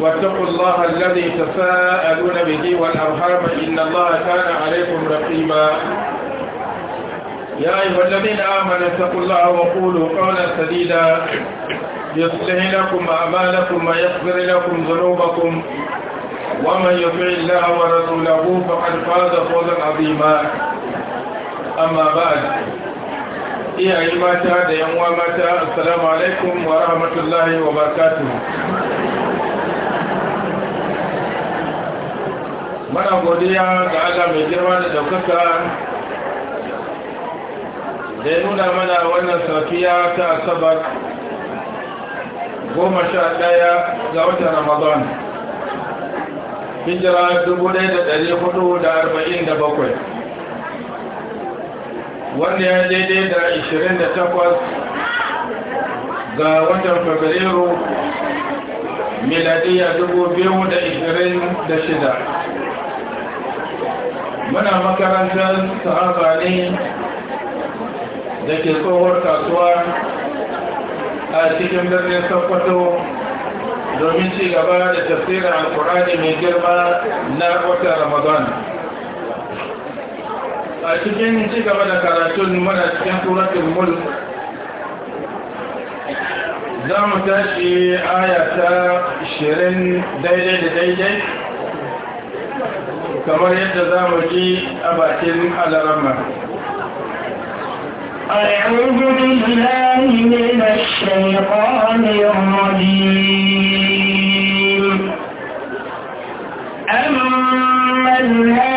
واتقوا الله الذي تساءلون به والأرحام إن الله كان عليكم رقيبا يا أيها الذين آمنوا اتقوا الله وقولوا قولا سديدا يصلح لكم أعمالكم ويغفر لكم ذنوبكم ومن يطع الله ورسوله فقد فاز فوزا عظيما أما بعد يا أيها da yan السلام عليكم ورحمة الله وبركاته mana godiya ga Allah mai girma da daukaka da ya nuna mana wannan safiya ta asabar goma sha ɗaya ga watan ramadan hijira dubu ɗaya da ɗari hudu da arba'in da bakwai wanda ya daidai da ashirin da takwas ga watan fabrairu miladiya dubu biyu da ashirin da shida muna makarantar sa'aba ne da ke tsohuwar kasuwa a cikin birnin sokoto domin ci gaba da a ƙurani mai girma na wata ramadan a cikin ci gaba da karatun muna cikin turatun mulk za mu tashi aya ta 20 daidai da daidai kamar yadda za mu ji a bakin alarama أعوذ بالله من الشيطان الرجيم أمن هذا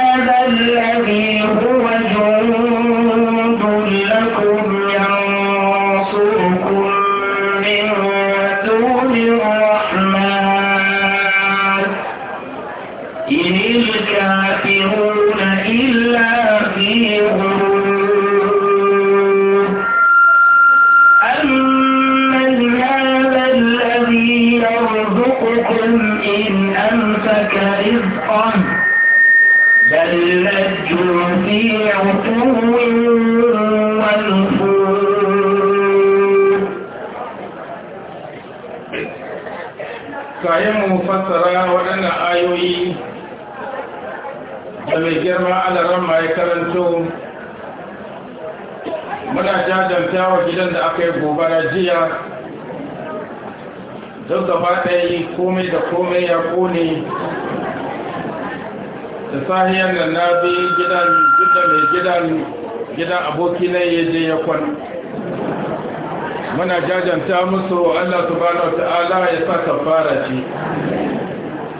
jama'a alaran ma ya karanto muna jajanta wa gidan da aka yi gobara jiya duk gaba ɗaya komai da komai ya ƙone da sahiyar nan na bi gidan duk da mai gidan gidan aboki na ya je ya kwan muna jajanta musu allah subhanahu wa ta'ala ya sa fara ce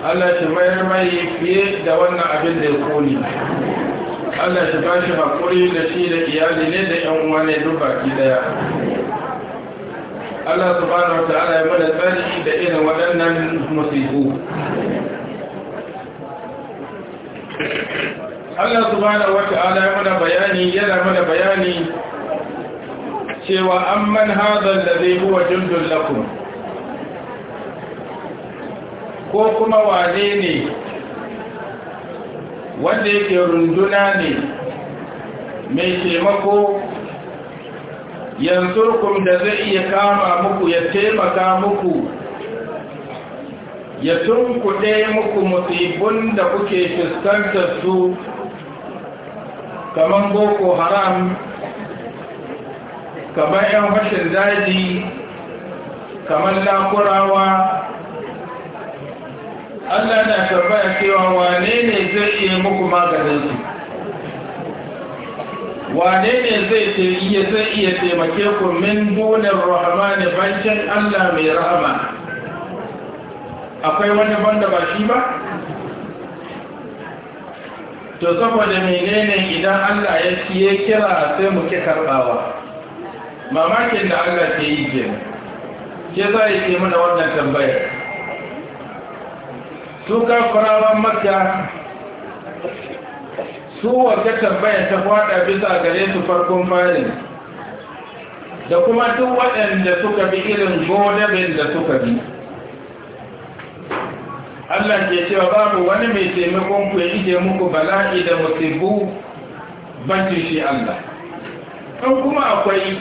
Allah shi mayar mai fiye da wannan abin da ya koli Allah shi ba shi haƙuri da shi da iyali ne da ‘yan uwa ne duk baki ɗaya. Allah subhanahu wa ta'ala ya mana tsari da irin waɗannan musibu Allah subhanahu wa ta'ala ya mana bayani yana mana bayani cewa an man amman hadha alladhi huwa jundul lakum ko kuma wane ne wanda yake runduna ne mai taimako yanzu da zai iya kama muku ya taimaka muku ya tunkuɗe muku musibin da kuke fuskantar su kamar boko haram kamar yan fashin daji kamar lakurawa Allah na tambaya cewa wane ne zai iya muku maganin su wane ne zai iya zai iya taimake ku min dunar rahmani bancin Allah mai rahama akwai wani banda ba shi ba to saboda menene idan Allah ya ya kira sai mu ki karbawa mamakin da Allah ke yi ke ke za ya mana wannan tambayar su farawa makka su wata tambaya ta kwada bisa gare su farkon fari da kuma duk waɗanda suka bi irin godabin da suka bi Allah ke cewa babu wani mai taimakon ku ya ije muku bala'i da musibu bancin shi Allah in kuma akwai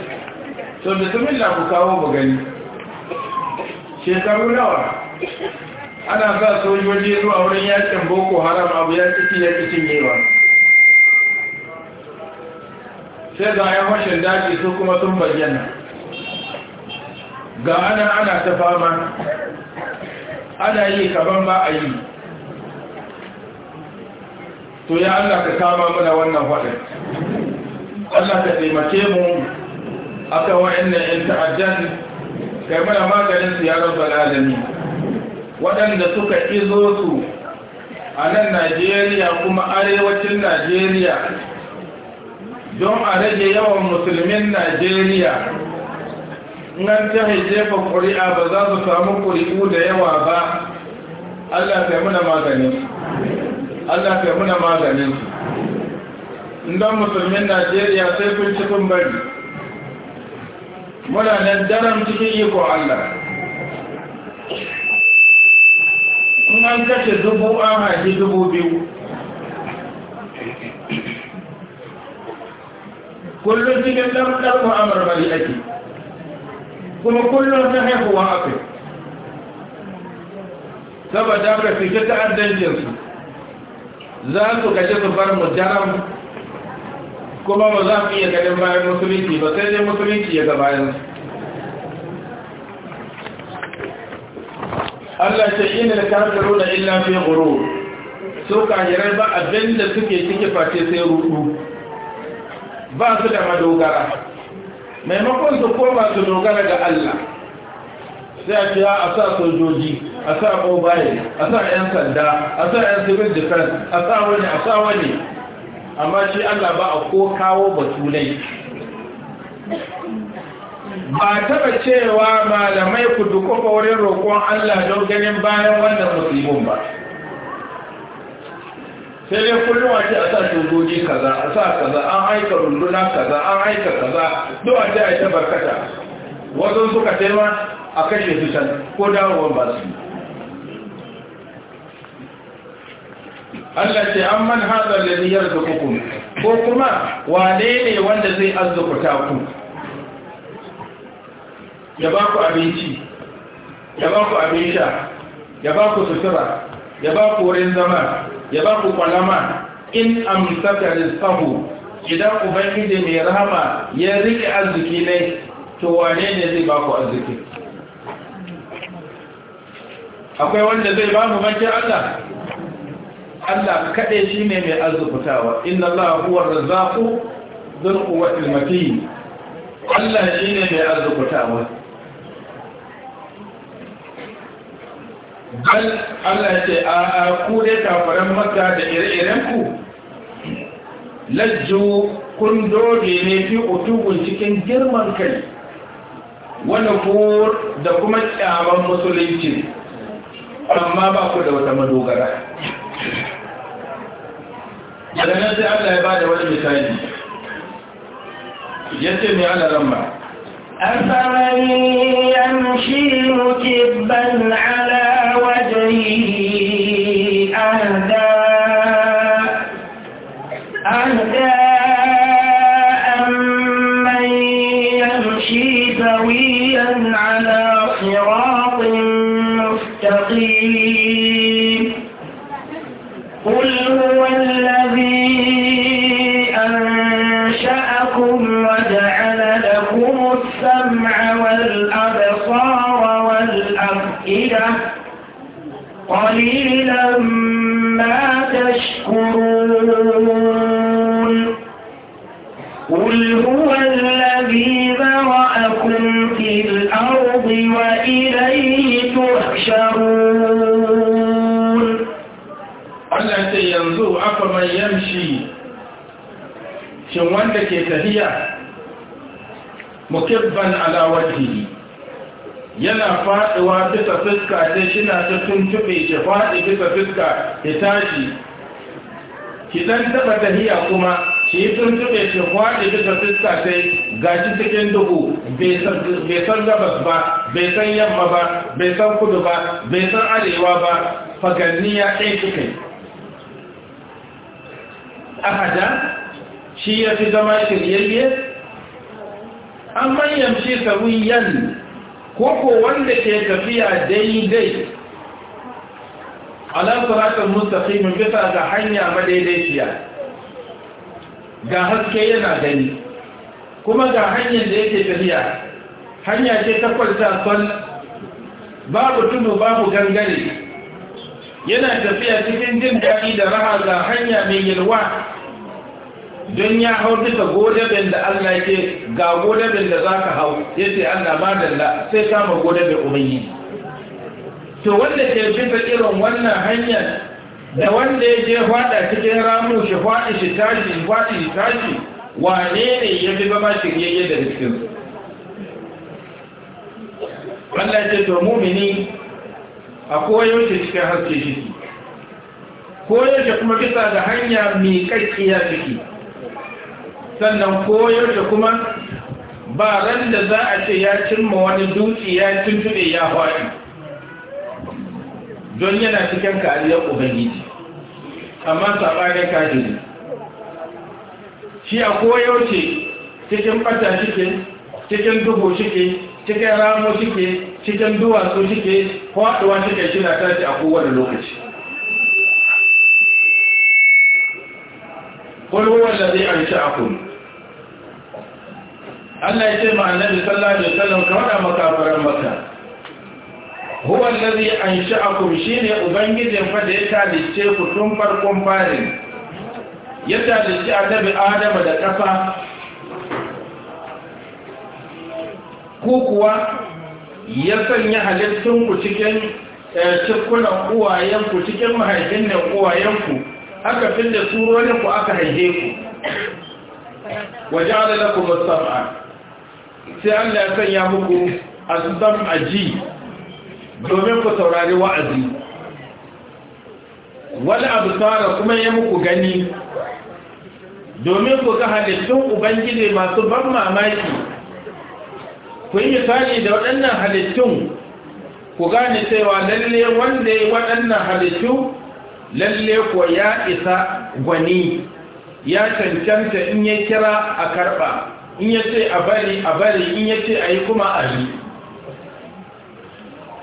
to bismillah ku kawo mu gani shekaru nawa ana sa sojoji zuwa wurin yakin boko haram abu ya ciki ya cikin yewa sai ga yan washin daji su kuma sun bayyana ga ana ana ta fama ana yi kaban ba a yi to ya Allah ka kama muna wannan faɗin Allah ka taimake mu akan na 'yan ta'ajjan kai mana maganin su ya waɗanda suka izo su a nan najeriya kuma arewacin najeriya don a rage yawan musulmin najeriya nan ta haijefa ƙuri'a ba za su samu ƙuri'u da yawa ba allah kai muna maganin allah muna maganin don musulmin najeriya sai kun cikin bari muna nan daren cikin iko allah in an kashe dubu an haifi dubu biyu kullum cikin ɗan ɗan mu'amar bari ake kuma kullum ta haihuwa aka saboda ka fi ta addancinsu za su kashe su bar mu jaram kuma ba za mu iya ganin bayan musulunci ba sai dai musulunci ya ga bayansu Allah ce inna kafiruna illa fi ghurur su kafirai ba abin da suke cike face sai rudu ba su da madogara maimakon su koma su dogara ga Allah sai a ce a sa sojoji a sa mobile a sa 'yan sanda a sa 'yan civil defense a sa wani a sa wani amma shi Allah ba a ko kawo batulai ba taba cewa malamai ku dukufa wurin roƙon Allah don ganin bayan wannan musibin ba sai dai kullum a ce a sa tuzoji kaza a sa kaza an aika runduna kaza an aika kaza duk a ce a ta barkata wasu suka taima a kashe su can ko dawowar ba su Allah ce an man hazar da niyyar ko kuma wane ne wanda zai arzikuta ku ya ba ku abinci ya ba ku abin sha ya ba ku sutura ya ba ku wurin zama ya ba ku kwalama in amsaka rizqahu idan ubangiji mai rahama ya rike arziki ne to wane ne zai ba ku arziki akwai wanda zai ba mu bankin Allah Allah kaɗai shi ne mai arzikutawa inna Allah huwa razzaqu dhul quwwatil matin Allah shi ne mai arzikutawa bal Allah ya ce a ku dai kafaran maka da ire-iren ku lajju kun doge ne fi utubun cikin girman kai wani kur da kuma kyaman musulunci amma ba ku da wata madogara daga nan sai Allah ya bada wani misali Ya ce mai ala ramma أفمن يمشي مكبا على man yamshi shin wanda ke tafiya mukibban ala wajhihi yana faɗuwa bisa fuska sai shi na ta tuntube shi faɗi bisa fuska ya tashi ki dan taba tahiya kuma shi yi tuntube shi faɗi bisa fuska sai gashi cikin duhu bai san gabas ba bai san yamma ba bai san kudu ba bai san arewa ba faganni ya ɗaya cikin ahada shi ya fi zama shiryayye an manyan shi Ko koko wanda ke tafiya daidai ala siratul mustaqim bisa ga hanya madaidaiciya ga haske yana gani kuma ga hanyar da yake tafiya hanya ce ta kwalta son babu tunu babu gangare yana tafiya cikin jin daɗi da raha ga hanya mai yalwa don ya hau duka godabin da Allah ke ga godabin da za ka hau ya ce Allah madalla sai kama godabin umarni to wanda ke bisa irin wannan hanyar da wanda ya je fada cikin ramu shi faɗi shi tashi shi shi tashi wane ne ya fi ba mashi shiryayye da cikin Allah ce to mumini a koyaushe cikin haske shi koyaushe kuma bisa da hanya mai kakkiya ciki sannan koyaushe kuma ba ran da za a ce ya cimma wani dutse ya cimtube ya faɗi don yana cikin kariyar ubangiji amma saɓanin kajiri shi a koyaushe cikin ɓata shike cikin dubu shike cikin ramo shike cikin duwatsu shike kwaɗuwa cike shi na tashi a kowane lokaci Kulwuwar da zai an a kunu Allah ya ce ma annabi sallallahu alaihi wasallam ka wada makafaran maka huwa allazi ansha'akum shine ubangijin fa da ya talice ku tun farkon farin ya talice annabi Adam da kafa ku kuwa ya sanya halittunku cikin eh, cikunan uwayenku cikin mahaifin da uwayenku aka fi da ku aka haife ku waje adada ku musamman sai allah ya sanya muku a aji domin ku saurari wa'azi wani abu tsara kuma ya muku gani domin ku ga halittun ubangiji masu ban mamaki ku yi misali da waɗannan halittun ku gane cewa lalle wanda ya waɗannan halittu lalle ko ya isa gwani ya cancanta in ya kira a karɓa in ya ce a bari a bari in ya ce a yi kuma a yi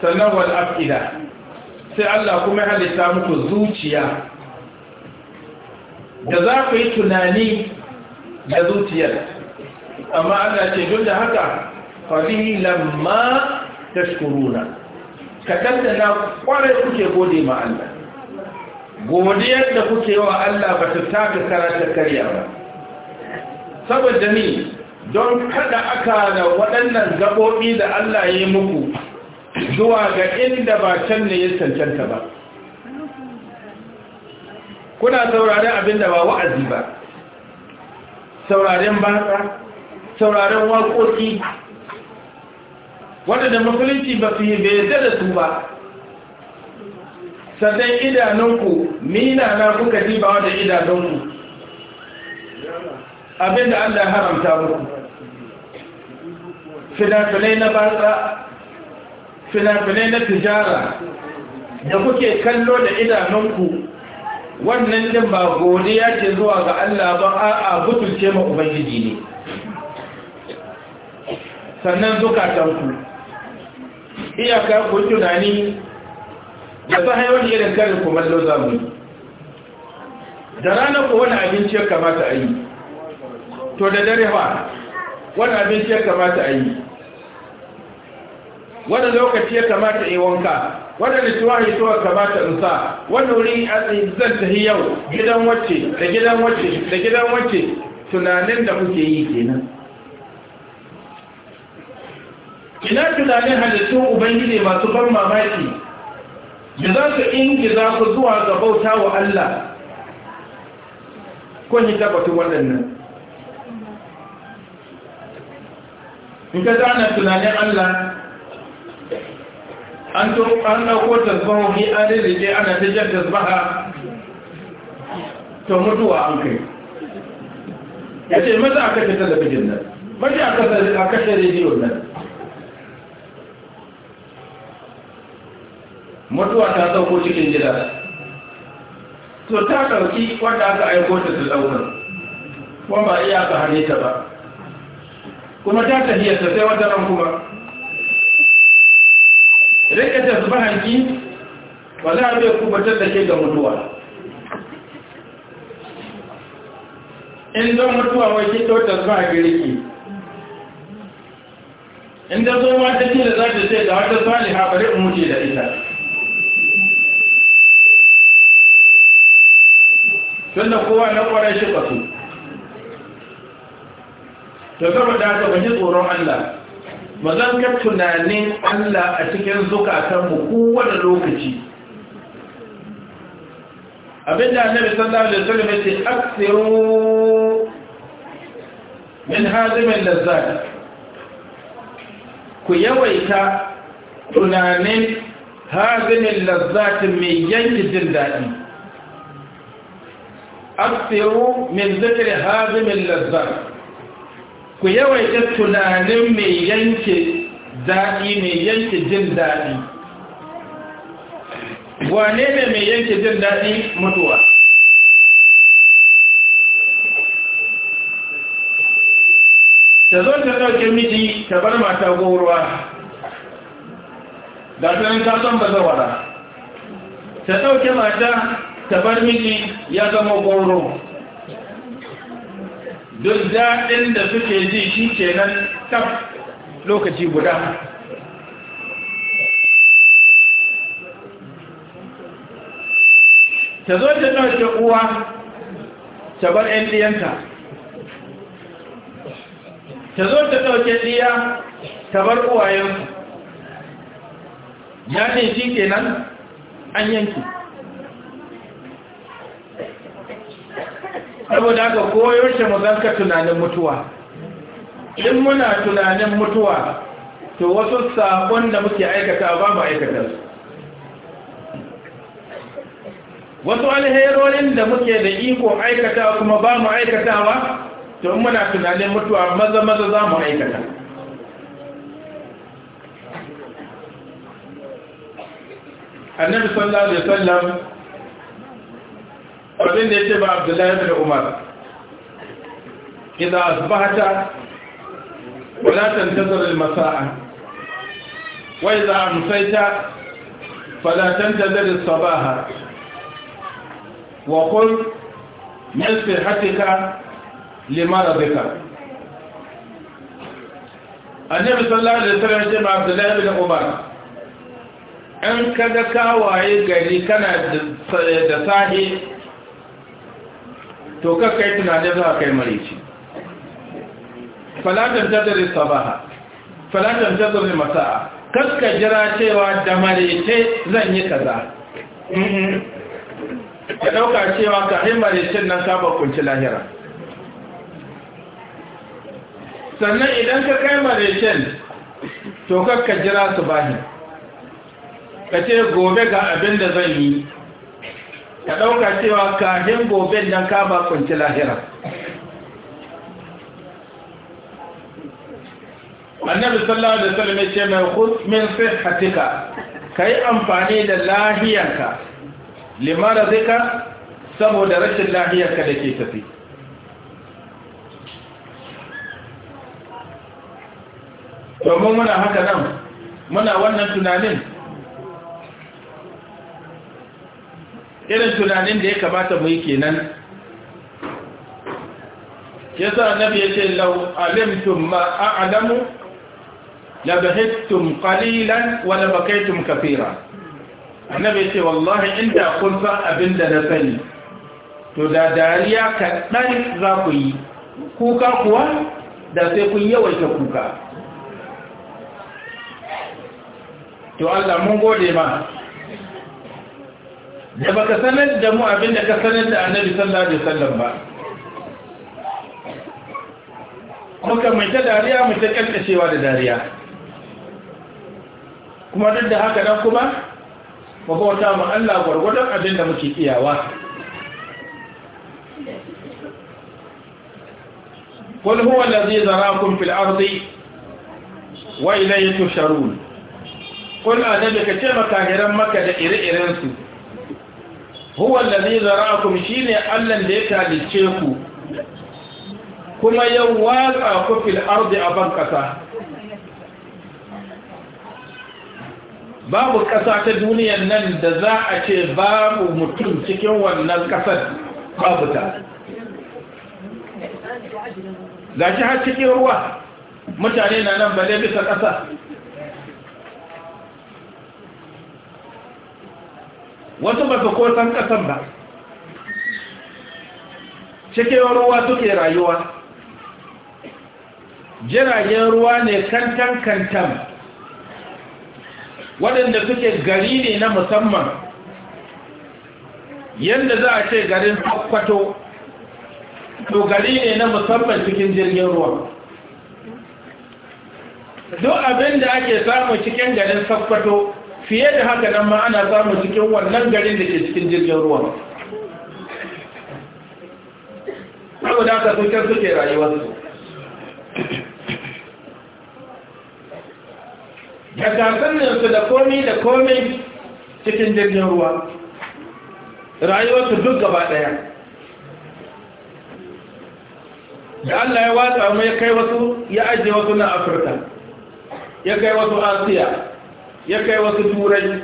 sannan wal'afida sai Allah kuma ya halitta muku zuciya da za ku yi tunani da zuciyar amma Allah ce duk da haka qalilan ma tashkuruna kadan da na kware kuke gode ma Allah godiyar da kuke wa Allah ba ta taka karata karya ba saboda ni don kada aka da waɗannan gaɓoɓi da Allah ya yi muku zuwa ga inda ba can ne ya cancanta ba kuna sauraren abinda ba wa'azi ba sauraren batsa sauraren waƙoƙi waɗanda musulunci ba su yi bai da su ba sannan idanunku nina na kuka diba wanda idanunku abinda allah haramta muku finafinai na batsa finafinai na tijara da kuke kallo da idanunku wannan din ba godiya ce zuwa ga allah ba a'a butulce ma ubangiji ne sannan zukatanku iyaka ku tunani da ta hanyoyin irin karin kumallo za mu da rana ku wani abinci ya kamata a yi to da dare ba wani abinci ya kamata a yi wani lokaci ya kamata yi wanka wani rituwa rituwa kamata in sa wani wuri zan tafi yau gidan wacce da gidan wacce da gidan wacce tunanin da kuke yi kenan ina tunanin halittun ubangiji masu ban mamaki da za su za ku zuwa ga bauta wa Allah kun yi tabbatu waɗannan in ka zana tunanin Allah an to an dauko tasbahu ni an rike ana ta jan tasbaha to mutuwa an kai yace mata aka ta talabijin nan maza aka aka rediyo nan mutuwa ta sauko cikin gida to ta ɗauki wanda aka aiko ta su ɗaukar kuma ba iya ka hane ta ba kuma ta tafiya ta sai wata ran kuma rike ta su hanki ba za a bai kubatar da ke ga mutuwa in don mutuwa wai ke ɗautar ba a girki in da zo ma ta ce da za ta ce da wata saliha bari in wuce da ita Tunda kowa na kwarar shi kwasu da zama da ba tsoron Allah ba zan ga tunanin Allah a cikin zukatanmu kowane lokaci abinda annabi sallallahu alaihi wasallam yace aksiru min hadimin lazzat ku yawaita tunanin hadimin lazzat mai yanki jin daɗi أكثروا من ذكر هادم اللذات ku yawaita tunanin mai yanke daɗi mai yanke jin daɗi wane ne mai yanke jin daɗi mutuwa ta zo ta ɗauke miji ta bar mata gowarwa. da tunan kasan bazawara ta ɗauke mata tabar miki ya zama goro duk daɗin da suke ji shi nan tab lokaci guda ta zo ta ɗauke uwa ta bar 'yan ɗiyanta ta zo ta ɗauke ɗiya ta bar uwayensu ya ce shi kenan an yanki saboda haka koyaushe mu zanka tunanin mutuwa in muna tunanin mutuwa to wasu sabon da muke aikata ba mu aikata su wasu alherorin da muke da iko aikata kuma ba mu aikatawa to in muna tunanin mutuwa maza maza za mu aikata annabi sallallahu alaihi wasallam ومن يتبع عبد الله بن عمر إذا أصبحت ولا تنتظر المساء وإذا أمسيت فلا تنتظر الصباح وقل من صحتك لمرضك النبي صلى الله عليه وسلم يتبع عبد الله بن عمر أن كذا كاوائي قريكنا دساهي دس to kakkai tunanin za a kai marici falatan tattare sabaha falatan tattare masa'a kakka jira cewa da marice zan yi kaza ka ɗauka cewa ka yi maricin nan ka bakunci lahira sannan idan ka kai maricin to kakka jira su bahin ka ce gobe ga abin da zan yi ka ɗauka cewa kahin gobe nan ka ba kunci lahira annabi sallallahu alaihi wasallam ya ce mai khudh min sihhatika kai amfani da lahiyarka limara zika saboda rashin lahiyarka da ke tafi domin muna haka nan muna wannan tunanin irin tunanin da ya kamata mu yi kenan yasa annabi yace law alimtum ma a'lamu la bahittum qalilan wa la bakaytum kathira annabi ce wallahi inda kun san abin da na sani to da dariya kaɗan za ku yi kuka kuwa da sai kun yawaita kuka to Allah mun gode ma da baka sanar da mu abin da ka sanar da annabi sallallahu alaihi wasallam ba muka mai ta dariya mai ta kankashewa da dariya kuma duk da haka nan kuma ko ta mu Allah gwargwadon abin da muke iyawa قل هو الذي ذراكم في الأرض وإليه ce قل أنبك maka da ire-iren su. huwa allazi zara'akum shine Allah da ya talice ku kuma ya watsa ku arzi a ban kasa babu kasa ta duniya nan da za a ce babu mutum cikin wannan kasar babu ta gashi har cikin ruwa mutane na nan dai bisa kasa wasu ba su ko san kasan ba cikin ruwa suke rayuwa jiragen ruwa ne kantan kantan waɗanda suke gari ne na musamman yadda za a ce garin kwato to gari ne na musamman cikin jirgin ruwa duk abin da ake samu cikin garin sakwato fiye da haka nan ma ana samun cikin wannan garin da ke cikin jirgin ruwa saboda haka sun kan suke rayuwarsu da gasanninsu da komi da komi cikin jirgin ruwa rayuwarsu duk gaba daya da Allah ya watsa mai kai wasu ya ajiye wasu na afirka ya kai wasu asiya ya kai wasu turai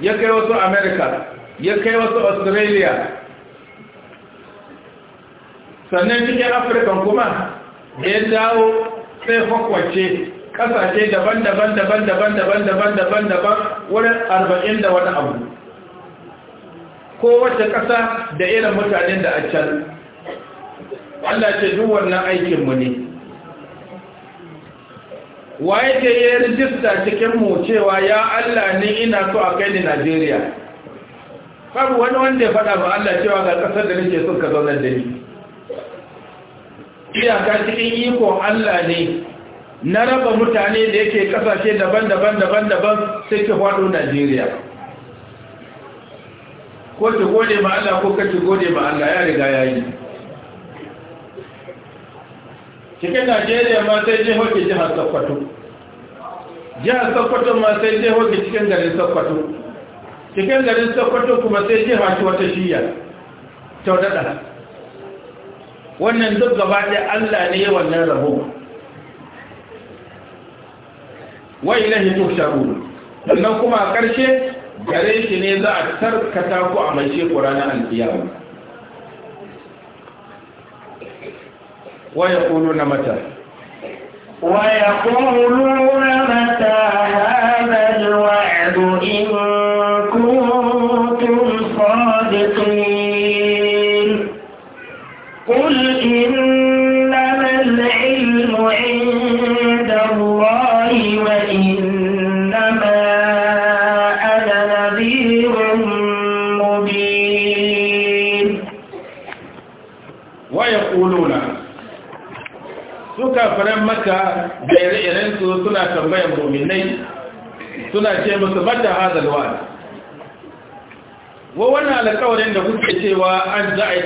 ya kai wasu america ya kai wasu australia sannan cikin afirka kuma da ya dawo sai hukwace kasashe daban-daban daban-daban daban-daban daban-daban wurin arba'in da wani abu kowace kasa da irin mutanen da a can wanda ce duk wannan aikinmu ne wa yake ya rijista cikin mu cewa ya Allah ni ina so a kai ni Najeriya babu wani wanda ya faɗa ba Allah cewa ga ƙasar da nake so ka zauna da ni iyaka cikin iko Allah ne na raba mutane da yake ƙasashe daban-daban daban-daban sai ke faɗo Najeriya ko ki gode ma Allah ko ka ki gode ma Allah ya riga ya yi cikin najeriya ma sai je hoke jihar sokoto jihar sokoto ma sai je hoke cikin garin sokoto cikin garin sokoto kuma sai je haci wata shiya taudada wannan duk gaba ɗaya allah ne wannan rabo wai ilahi sharu sannan kuma a ƙarshe gare shi ne za a tarkata ku a mai ku na alfiyar. ويقولون متى ويقولون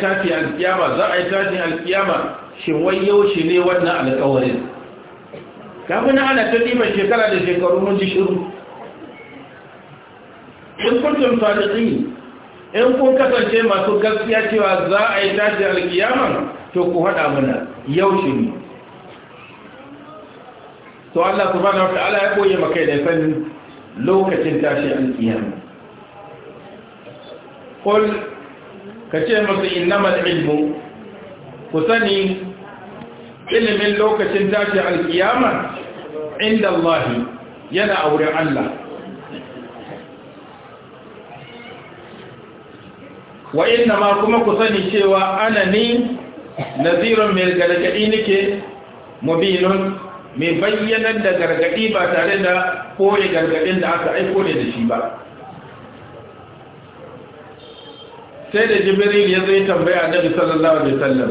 tafi alkiyama za a yi tafi alkiyama shi wai yaushe ne wannan alkawarin kafin ana ta ɗiban shekara da shekaru mun ji shiru in kuntum sadiqi in kun kasance masu gaskiya cewa za a yi tafi alkiyama to ku haɗa mana yaushe ne to Allah subhanahu wata'ala ya koyi maka da sanin lokacin tashi alkiyama qul ka ce masa innamal ilmu ku sani ilimin lokacin tashi alkiyama inda Allahi, yana a wurin Allah wa inna ma kuma ku sani cewa ana ni nazirun mai gargaɗi nake mubinun mai bayyanar da gargaɗi ba tare da koyi gargaɗin da aka aiko ne da shi ba sai da jibril ya zai tambaya annabi sallallahu alaihi wasallam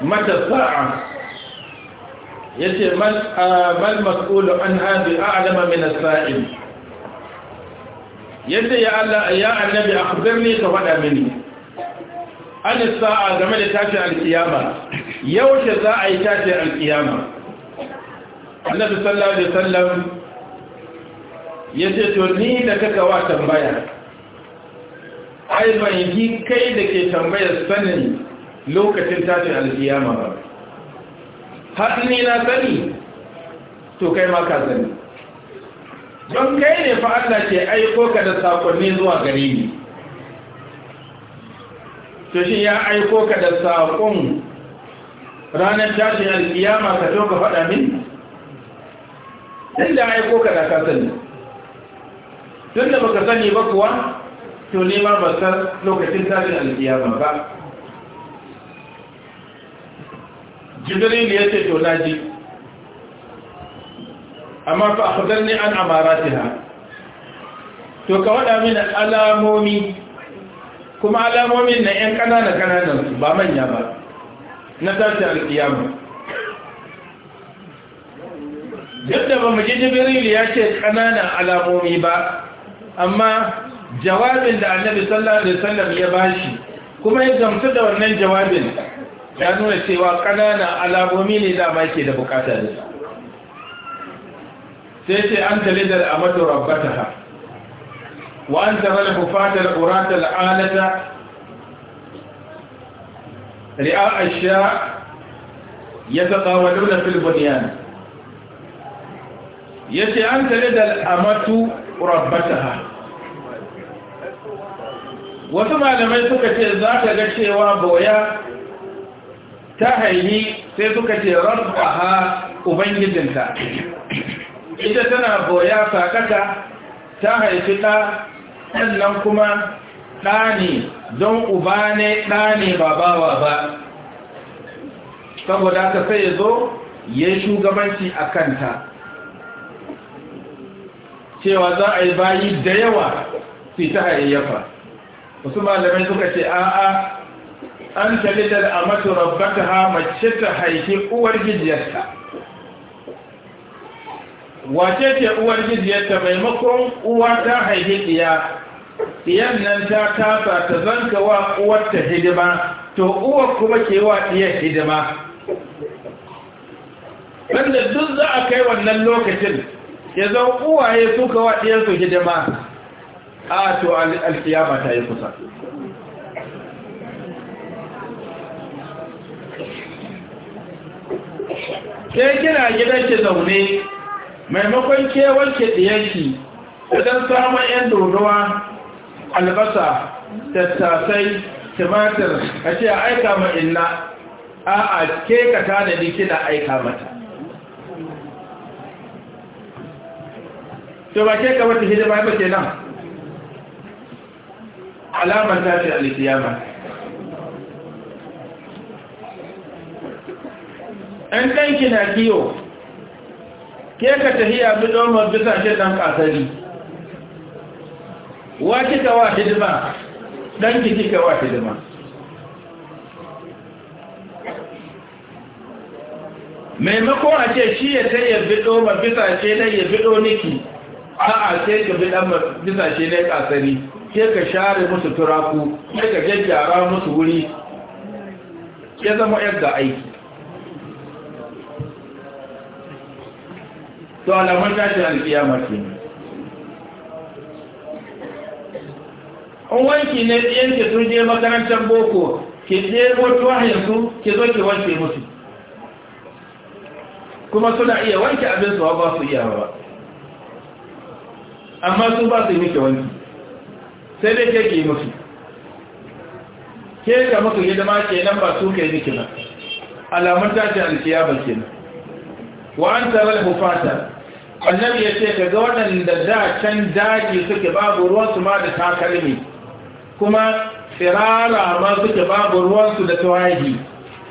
mata sa'a yace mal mal mas'ul an hadi a'lama min as-sa'il yace ya Allah ya annabi akhbirni ka fada mini an sa'a game da tashin alkiyama yaushe za a yi tashin al-qiyama annabi sallallahu alaihi wasallam yace to ni da kaka wa tambaya aizon yi kai da ke tambayar sanin lokacin tashin alfiyama ba har na sani to kai ma ka sani don kai ne fa Allah ke aiko ka da sakonni zuwa gare ni to shi ya aiko ka da sakon ranar tashin alfiyama ka to ka faɗa min inda aiko ka da ka sani tun da baka sani ba kuwa to nema ba san lokacin tashin alkiyama ba jibril ya ce to naji amma fa akhbarni an amaratiha to ka wada mini alamomi kuma alamomin na yan kanana kananan ba manya ba na tashin alkiyama duk da ba mu ji jibril ya ce kananan alamomi ba amma jawabin da annabi sallallahu alaihi wasallam ya bashi kuma ya gamsu da wannan jawabin ya nuna cewa kanana alamomi ne da ba ke da bukata da su sai ce an tale da Amadu rabbata ha wa an zama da hufatar ƙuratar alata ri'a a sha ya taɓa wa nuna filbuniyan ya ce an talidar da matu rabbata ha wasu malamai suka ce za ka ga cewa boya ta haihi sai suka ce ha ubangijinta ita tana boya sakaka ta haifi ta sannan kuma ɗa don uba ne ɗa ba bawa ba saboda ka sai ya zo ya yi shugabanci a kanta cewa za a yi bayi da yawa fi ta yafa. wasu malamai suka ce a'a an talidar a matu rabbata ha mace ta haifi uwar gijiyarta wace ce uwar gijiyarta maimakon uwa ta haifi ɗiya ɗiyan nan ta kasa ta zanka wa ta hidima to uwar kuma ke wa iya hidima wanda duk za a kai wannan lokacin ya zan uwaye suka wa ɗiyarsu hidima a to alkiyama ta yi kusa sai kina gidanki zaune maimakon kewanke ɗiyanki idan samun 'yan dodowa albasa tattasai timatir a ce aika ma inna a a ke ka tanadi kina aika mata to ba ke ka wata hidima ba ke nan alamar ce alkiyama ɗan ɗanki na kiyo ke ka tahiya ma bisa ce ɗan ƙasari wa kika wa hidima ɗanki kika wa hidima maimakon a ce shi ya ta biɗo ma bisa ce na yabi ɗo niki a'a sai ka bi dan bisashe ne kasari sai ka share musu turaku sai ka jajjara musu wuri ya zama yadda aiki to alamun tashin alkiyama kiyama ce An wanki ne ke sun je makarantar boko ke je ɗebo yanzu ke zo ke wanke musu kuma suna iya wanke abin su ba su iya ba amma su ba su yi miki wanki sai dai ke yi musu ke ka yi zama ke nan ba su ka yi miki ba alamun tashi ba ke nan wa an da hufata annabi ya ce ka ga waɗanda da can daji suke babu ruwansu ma da takalmi kuma tsirara ma suke babu ruwansu da tawahi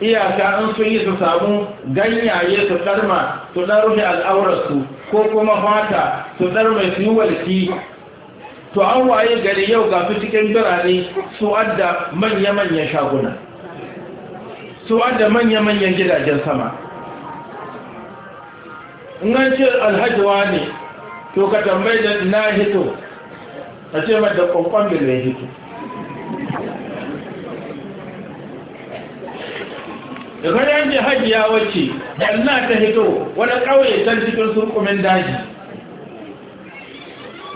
iyaka an sun yi su samu ganyaye su karma su ɗan rufe al'aurarsu ko kuma fata su tsar mai su yi to an waye gari yau ga su cikin birane su adda manya-manyan shaguna su adda manya-manyan gidajen sama in an ce alhajiwa ne to ka tambayi da na hito a ce mai da kwamfan bilin hito ranar da hajiya wace danna ta hito wani ƙauye can cikin surkumin daji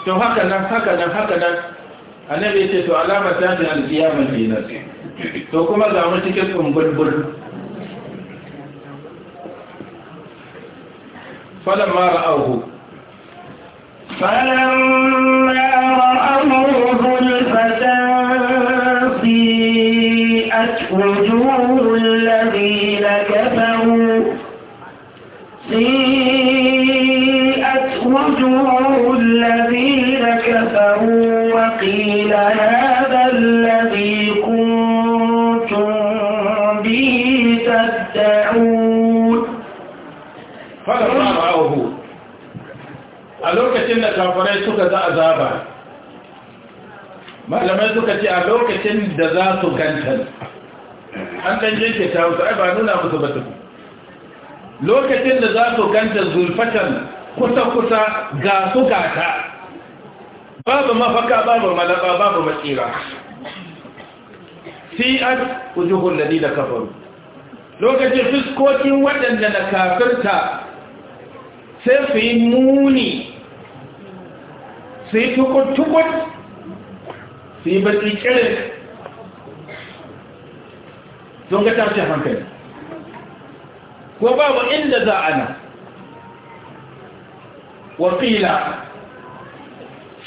to haka nan haka nan haka nan annabi ce to alama ta ne alkiyama kenan to kuma ga mu cikin kumbulbul falan ma ra'ahu falan ma ra'ahu zulfatan fi lokacin kafirai suka ga azaba malamai suka ce a lokacin da za su ganta an dan yanke ta wasu ai ba nuna musu ba su lokacin da za su ganta zulfatan kusa-kusa ga su gata babu mafaka babu malaba babu matsira fi'ad wujuhun ladi da kafaru lokacin fuskokin waɗanda na kafirta sai su yi muni Sai yi tukut-tukut yi baki kirin sun ga tashin hankali ko babu inda za a wakila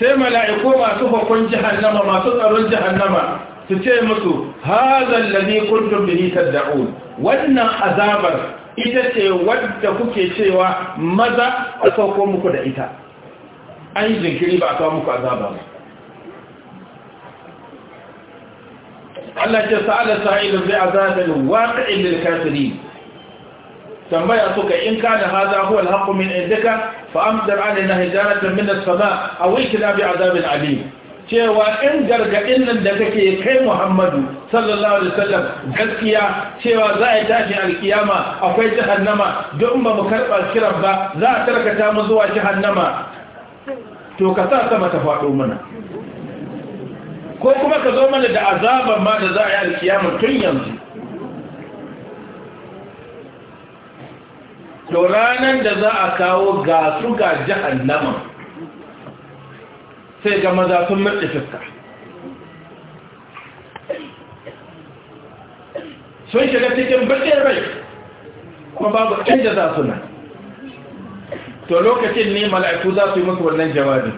sai mala'iku masu bakon jihannama masu tsaron jihannama su ce musu hazan lalli kundin bihi tadda'un wannan azabar ita ce wadda kuke cewa maza a sauko muku da ita an yi jinkiri ba a kawo muku azaba ba Allah ce sa'ala sa'ilun zai azabar waƙa lil kafirin tambaya suka in kana hadha huwa al-haqq min indika fa amdir alaina hijaratan Minas as A aw na bi azabin alim cewa in gargaɗin nan da kake kai Muhammadu sallallahu alaihi wasallam gaskiya cewa za a tashi alkiyama akwai jahannama don ba mu karɓa kiran ba za a tarkata mu zuwa jahannama to ka sa sama ta faɗo mana ko kuma ka zo mana da azaban ma da za a yi alkiyama tun yanzu to ranar da za a kawo ga su ga jahannama sai ga maza sun murɗe fuska sun shiga cikin bakin rai kuma babu inda za su nan to lokacin ne mala'iku za su yi musu wannan jawabi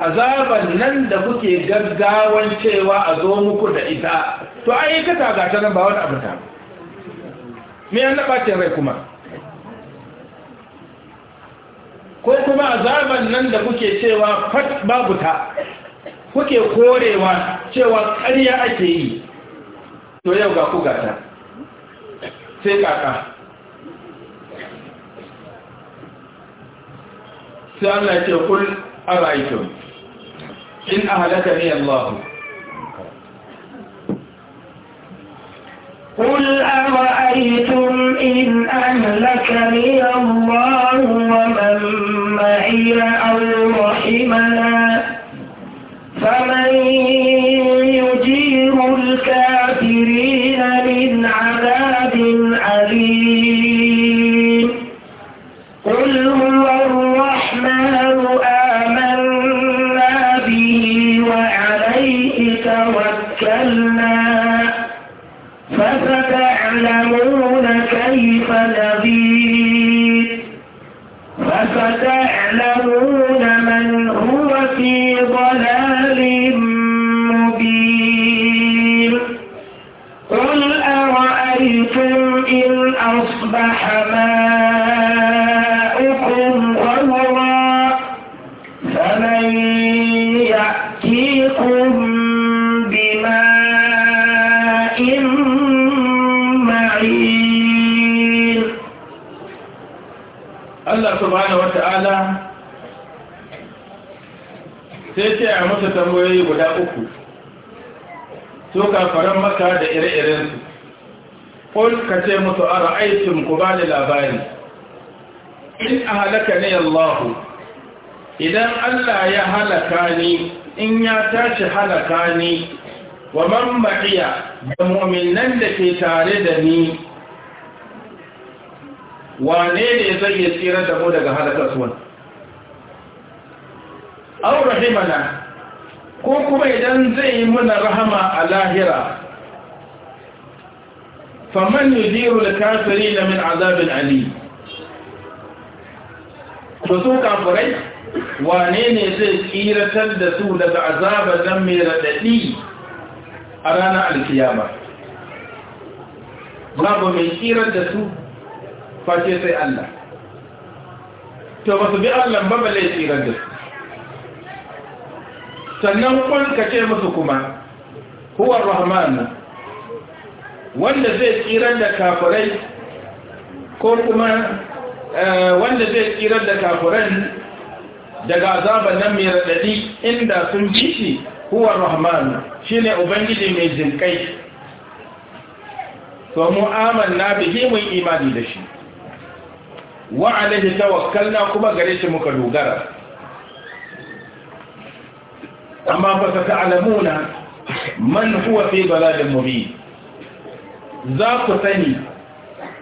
azaban nan da kuke gaggawan cewa a zo muku da ita to ai ka ta gata nan ba wani abu ta me an naba ce rai kuma ko kuma azaban nan da kuke cewa fat babu ta kuke korewa cewa ƙarya ake yi to yau ga ku gata sai kaka sai تقول أرأيتم إن أهلكني الله قل أرأيتم إن أهلكني الله ومن معي أو رحمنا فمن يجير الكافرين من عذاب أليم kul ka ce musu a ku ba da labari in a halaka ne allahu idan allah ya halaka ni in ya tashi halaka ni wa man ma'iya da mu'minan da ke tare da ni Wanene zai yi tsira da mu daga halakarsuwan au rahimana ko kuma idan zai yi muna rahama a lahira faman yuziru al na min azabin ali to su kafirai wane zai tsiratar da su daga azabar nan mai radadi a ranar alkiyama babu mai tsirar da su face sai Allah to ba su bi Allah ba da su sannan ce musu kuma huwar wanda zai tsirar da kafirai ko kuma eh, wanda zai tsirar da kafiran daga azaban nan mai raɗaɗi inda sun bi shi huwa rahman shi ne ubangiji mai jinkai to mu amanna bihi mun imani da shi wa alaihi tawakkalna kuma gare shi muka dogara amma ba ta ta'lamuna man huwa fi mu mubin za ku sani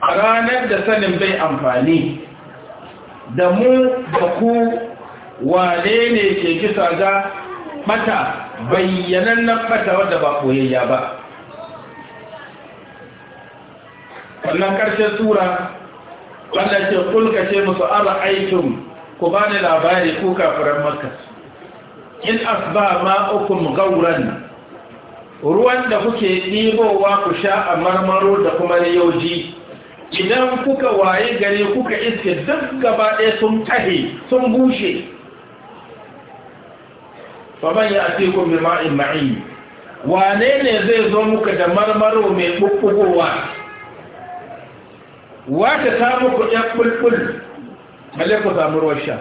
a ranar da sanin bai amfani da mu da ku wane ne ke kisa ga mata na mata wadda ba koyayya ba wannan ƙarshen tura wanda ce kulka ce musu ara aikin ku bani ni labari ko kafiran makas in asba ma'ukun gauran ruwan da kuke ɗibowa ku sha a marmaro da kuma yauji idan kuka waye gari kuka iske duk gaba ɗaya sun tahe sun bushe faman ya ake mai ma'in ma'in wane ne zai zo muka da marmaro mai ɓuɓɓugowa wata ta muku ɗan ɓulɓul balle ku samu ruwan sha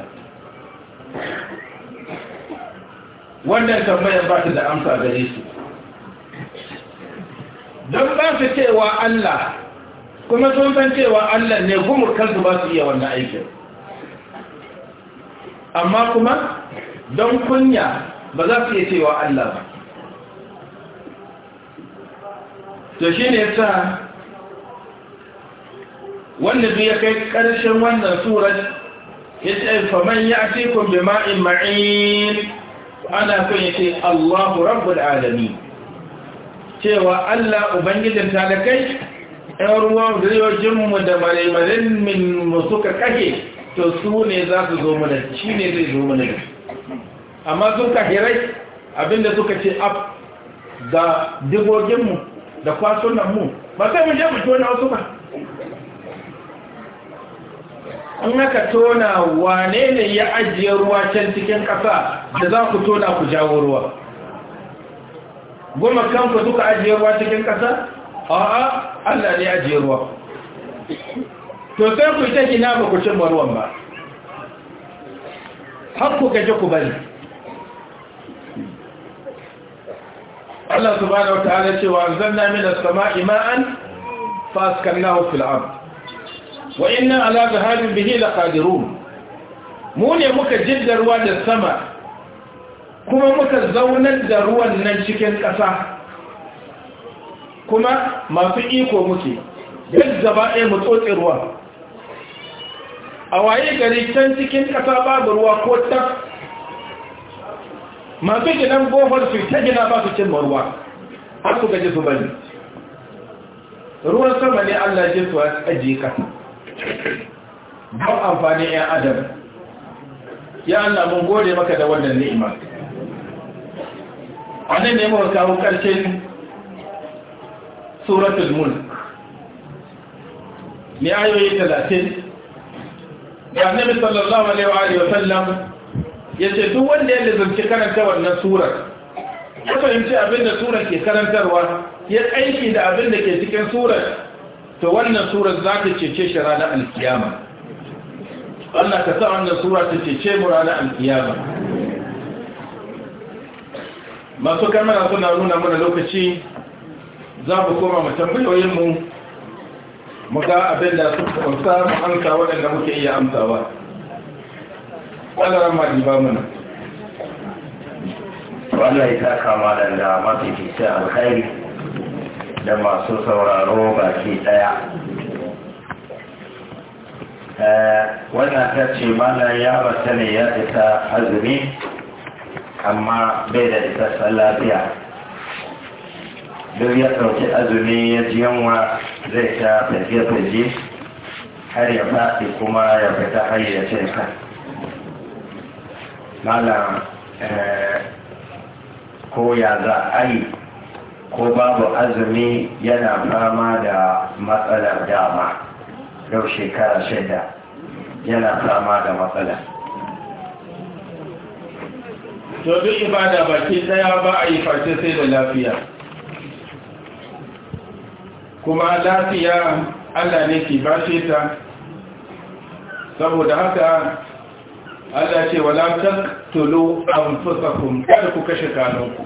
wannan tambayar ba ta da amsa gare su don ba su cewa Allah kuma sun san cewa Allah ne gumur kansu ba su iya wannan aikin amma kuma don kunya ba za su iya cewa Allah ba to shi ne ta wanda duk ya kai ƙarshen wannan surar ya ce faman ya ce kun bi ma'in ma'in ana kun ya ce Allahu rabbul alamin cewa Allah Ubangijin talakai ‘yan ruwan riyoyinmu da maraimarin mu suka kashe to su ne za su zo mana shi ne zai zo mana da amma sun kahirai abinda suka ce ab da digoginmu da kwasunanmu ba sai mu je mu tona wasu ba in aka tona wane ne ya ajiye ruwa can cikin ƙasa da za ku tona ku jawo ruwa goma kanku duka ajiye ruwa cikin ƙasa a'a Allah ne ajiye ruwa to sai ku ta hina ba ku cimma ruwan ba har ku gaje ku bari Allah subhanahu wataala ce wa anzalna minas sama'i ma'an fa askannahu fil ard wa inna ala dhahabin bihi laqadirun mu ne muka jidda ruwa da sama kuma muka zaunar da ruwan nan cikin ƙasa kuma masu iko muke duk gaba ɗaya mu tsotse ruwa a waye gari can cikin ƙasa babu ruwa ko ta masu gidan gofar su ta gina ba su cin ruwa har su gaji su bane ruwan sama ne allah ji su aji ka. don amfani 'yan adam ya allah mun gode maka da wannan ni'ima wannan ne muka kawo ƙarshen suratul mulk ne ayoyi talatin da annabi sallallahu alaihi wa sallam ya ce duk wanda ya lizarci karanta wannan surar ya fahimci abin da surar ke karantarwa ya aiki da abin da ke cikin surar to wannan surar za ta cece shi ranar alkiyama Allah ka sa wannan surar ta cece mu ranar alkiyama masu kamara suna nuna mana lokaci za mu koma mu tambayoyinmu mu ga abin da suka amsa mu amsa waɗanda muke iya amsawa ƙwallon ma ba mana wannan ya kama da da mafi fice alkhairi da masu sauraro baki ɗaya eh, wannan ta ce mana ya bata ne ya isa azumi amma bai da isasshen lafiya duk ya ɗauki azumi ya ji yanwa zai ta fage-fage har ya faɗi kuma ya fita ka malam eh, ko ya za a yi ko babu azumi yana fama da matsalar dama yau shekara shaida yana fama da matsalar. to duk ibada baki daya ba a yi face sai da lafiya kuma lafiya Allah ne ke bashe ta saboda haka Allah ce wala taqtulu anfusakum kada ku kashe kanunku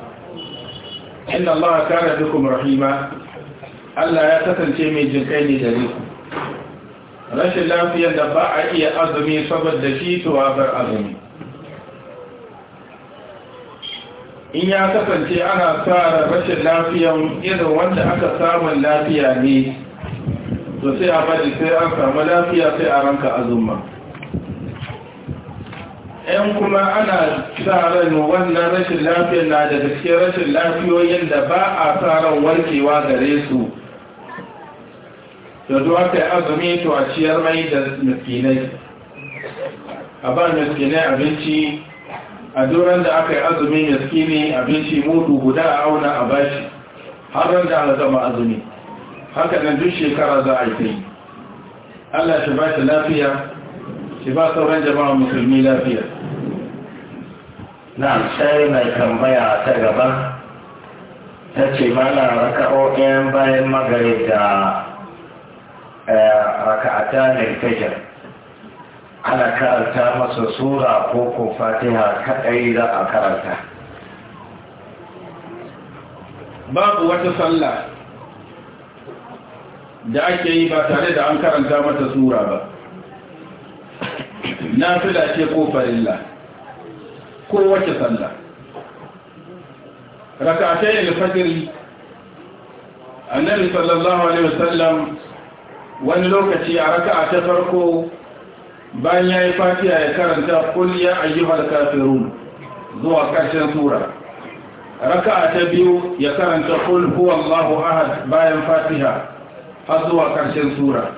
inna Allah kana bikum rahima Allah ya kasance mai jinkai ne da ku rashin lafiyar da ba a iya azumi saboda shi to azumi in ya kasance ana tsara rashin lafiyan irin wanda aka samun lafiya ne to sai a bari sai an samu lafiya sai a ranka azumma ‘yan kuma ana tsarin wannan rashin lafiyan na da gaske rashin lafiyoyin da ba a tsarin warkewa gare su da duwa kai azumi to a ciyar mai da miskinai a ba miskinai abinci a duran da aka yi azumin yaskini abinci mutu guda a auna a bashi har ran da aka zama azumi haka nan duk shekara za a yi Allah shi ba shi lafiya shi ba sauran jama'a musulmi lafiya na sai mai tambaya ta gaba ta ce mana raka'o'in bayan magare da eh, raka'ata ne fajar ana karanta masa sura ko ko fatiha kadai za a karanta babu wata sallah da ake yi ba tare da an karanta mata sura ba na fila ce ko farilla ko wace sallah rakatai fajiri annabi sallallahu alaihi wasallam wani lokaci a raka'a ta farko bayan ya yi fatiya ya karanta kul ayyuhar ayyuhal kafirun zuwa ƙarshen sura raka'a ta biyu ya karanta kul huwallahu ahad bayan fatiha har zuwa ƙarshen sura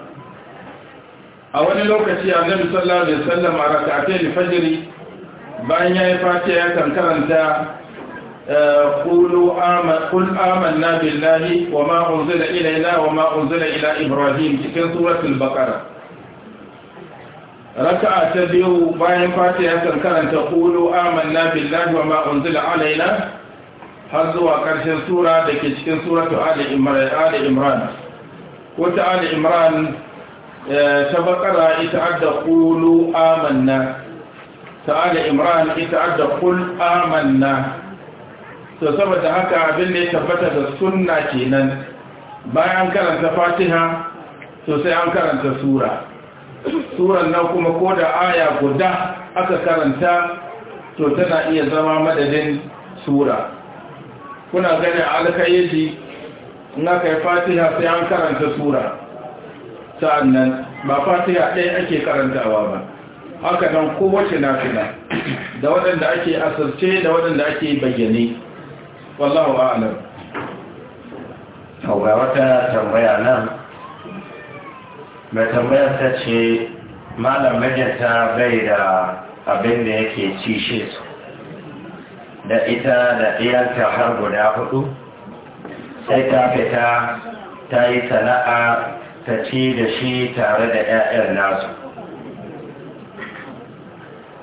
a wani lokaci a annabi sallallahu alaihi wasallam a raka'atai fajiri bayan ya yi fatiha ya kan karanta قولوا eh, آمن wa آمنا بالله وما أنزل wa وما أنزل ila ibrahim cikin سورة bakara. raka'a ta biyu bayan fatiha kan karanta qulu amanna billahi wa ma unzila alaina har zuwa karshen sura da ke cikin suratu ali ali imran ko ta ali imran eh, ta bakara ita adda qulu amanna ta ali imran ita adda qul amanna to saboda haka abin da ya da sunna kenan bayan karanta fatiha to an karanta sura suran nan kuma ko da aya guda aka karanta to tana iya zama madadin sura kuna gani alkayyaji in aka yi fatiha sai an karanta sura sa'annan ba fatiha ɗaya ake karantawa ba haka nan kowace nafila da waɗanda ake asirce da waɗanda ake bayyane wallahu a'lam. Hau ga wata tambaya nan mai tambayar ta ce malam ta bai da abin da yake cishe su da ita da ɗiyarta har guda hudu sai ta fita ta yi sana'a ta ci da shi tare da 'ya'yan nasu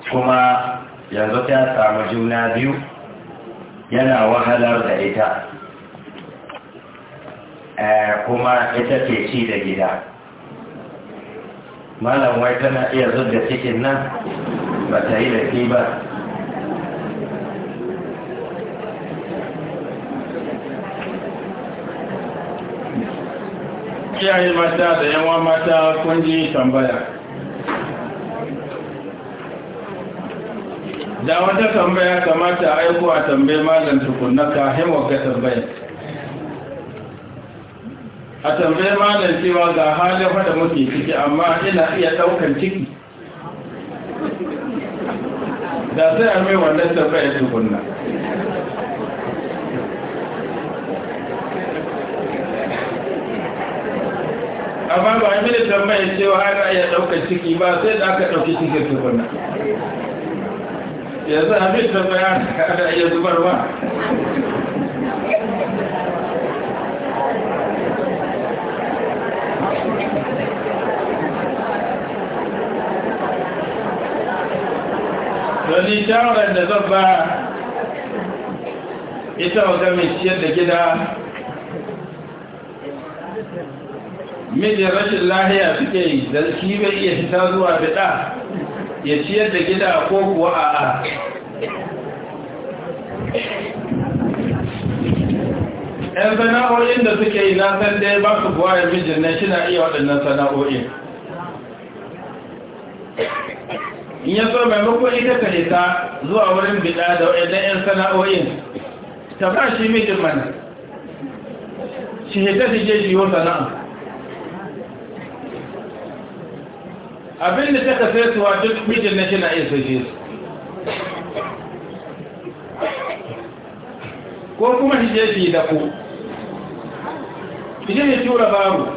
kuma yanzu ta samu juna biyu yana wahalar da ita eh, kuma ita ke ci da gida malam wai tana iya zubda cikin nan ba ta yi da ke ba iyaye mata da yawa mata kun ji tambaya da wata tambaya kamata a aiko a tambaye malam tukunna ka himar ga tambayar a tambaye malam cewa ga halin fada mafi ciki amma ina iya daukan ciki da sai a mai wannan tambayar tukunna amma ba a mini tambayar cewa ana iya daukan ciki ba sai da aka dauki cikin tukunna yanzu a mini tambaya ana iya zubarwa wani shawarar da zan ba ita wata mai ciyar da gida mijin rashin lahiya suke yi da shi bai iya fita zuwa fita ya ciyar da gida ko kuwa a'a ‘yan sana'o'in da suke yi na san dai ba su buwa ya mijin na shi na iya waɗannan sana'o'in in ya so maimakon ita ka nisa zuwa wurin bida da waɗannan 'yan sana'o'in ta ba shi mijin mana shi hita shi je shiwo sana'a abinda ta ka sai suwa duk mijin na shi na iya sai su ko kuma shi je shi da ku shi ne tura baro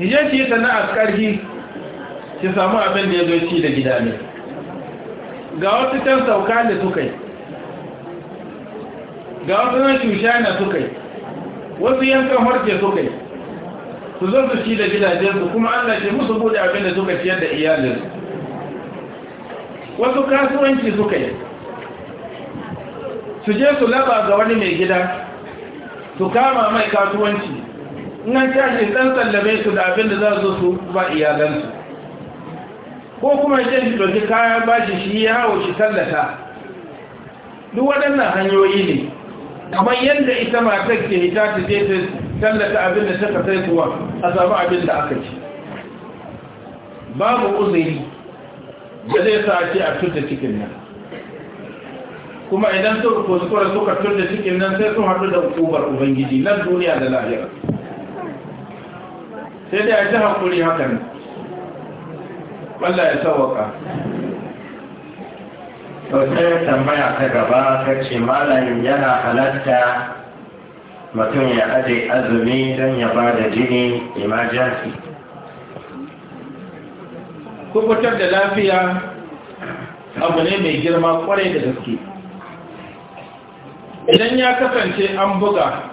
shi je shi sana'a karfi ki samu abin da ya zo ci da gida ne ga wasu can sauka da suka yi ga wasu nan shushana suka yi wasu yankan harke suka yi su zo su ci da gidajensu kuma allah ce musu bude abin da suka ciyar da iyalinsu wasu kasuwanci suka yi su je su laba ga wani mai gida su kama mai kasuwanci nan kashi ɗan sallame su da abin da za su su ba iyalansu ko kuma ya shi ɗauki kayan bashi shi ya hawo shi tallata duk waɗannan hanyoyi ne kamar yadda ita matar ke ta ta ce ta tallata abin da ta sai kuwa a samu abin da aka ci babu uzuri da zai sa ce a tudda cikin nan kuma idan suka kuskura suka tudda cikin nan sai sun haɗu da hukumar ubangiji nan duniya da lahira sai dai a ci hankuri hakan Allah ya sauwaka sosai tambaya ta gaba ta ce malam yana halatta mutum ya aje azumi don ya ba da jini emergency kubutar da lafiya abu ne mai girma kwarai da gaske idan ya kasance an buga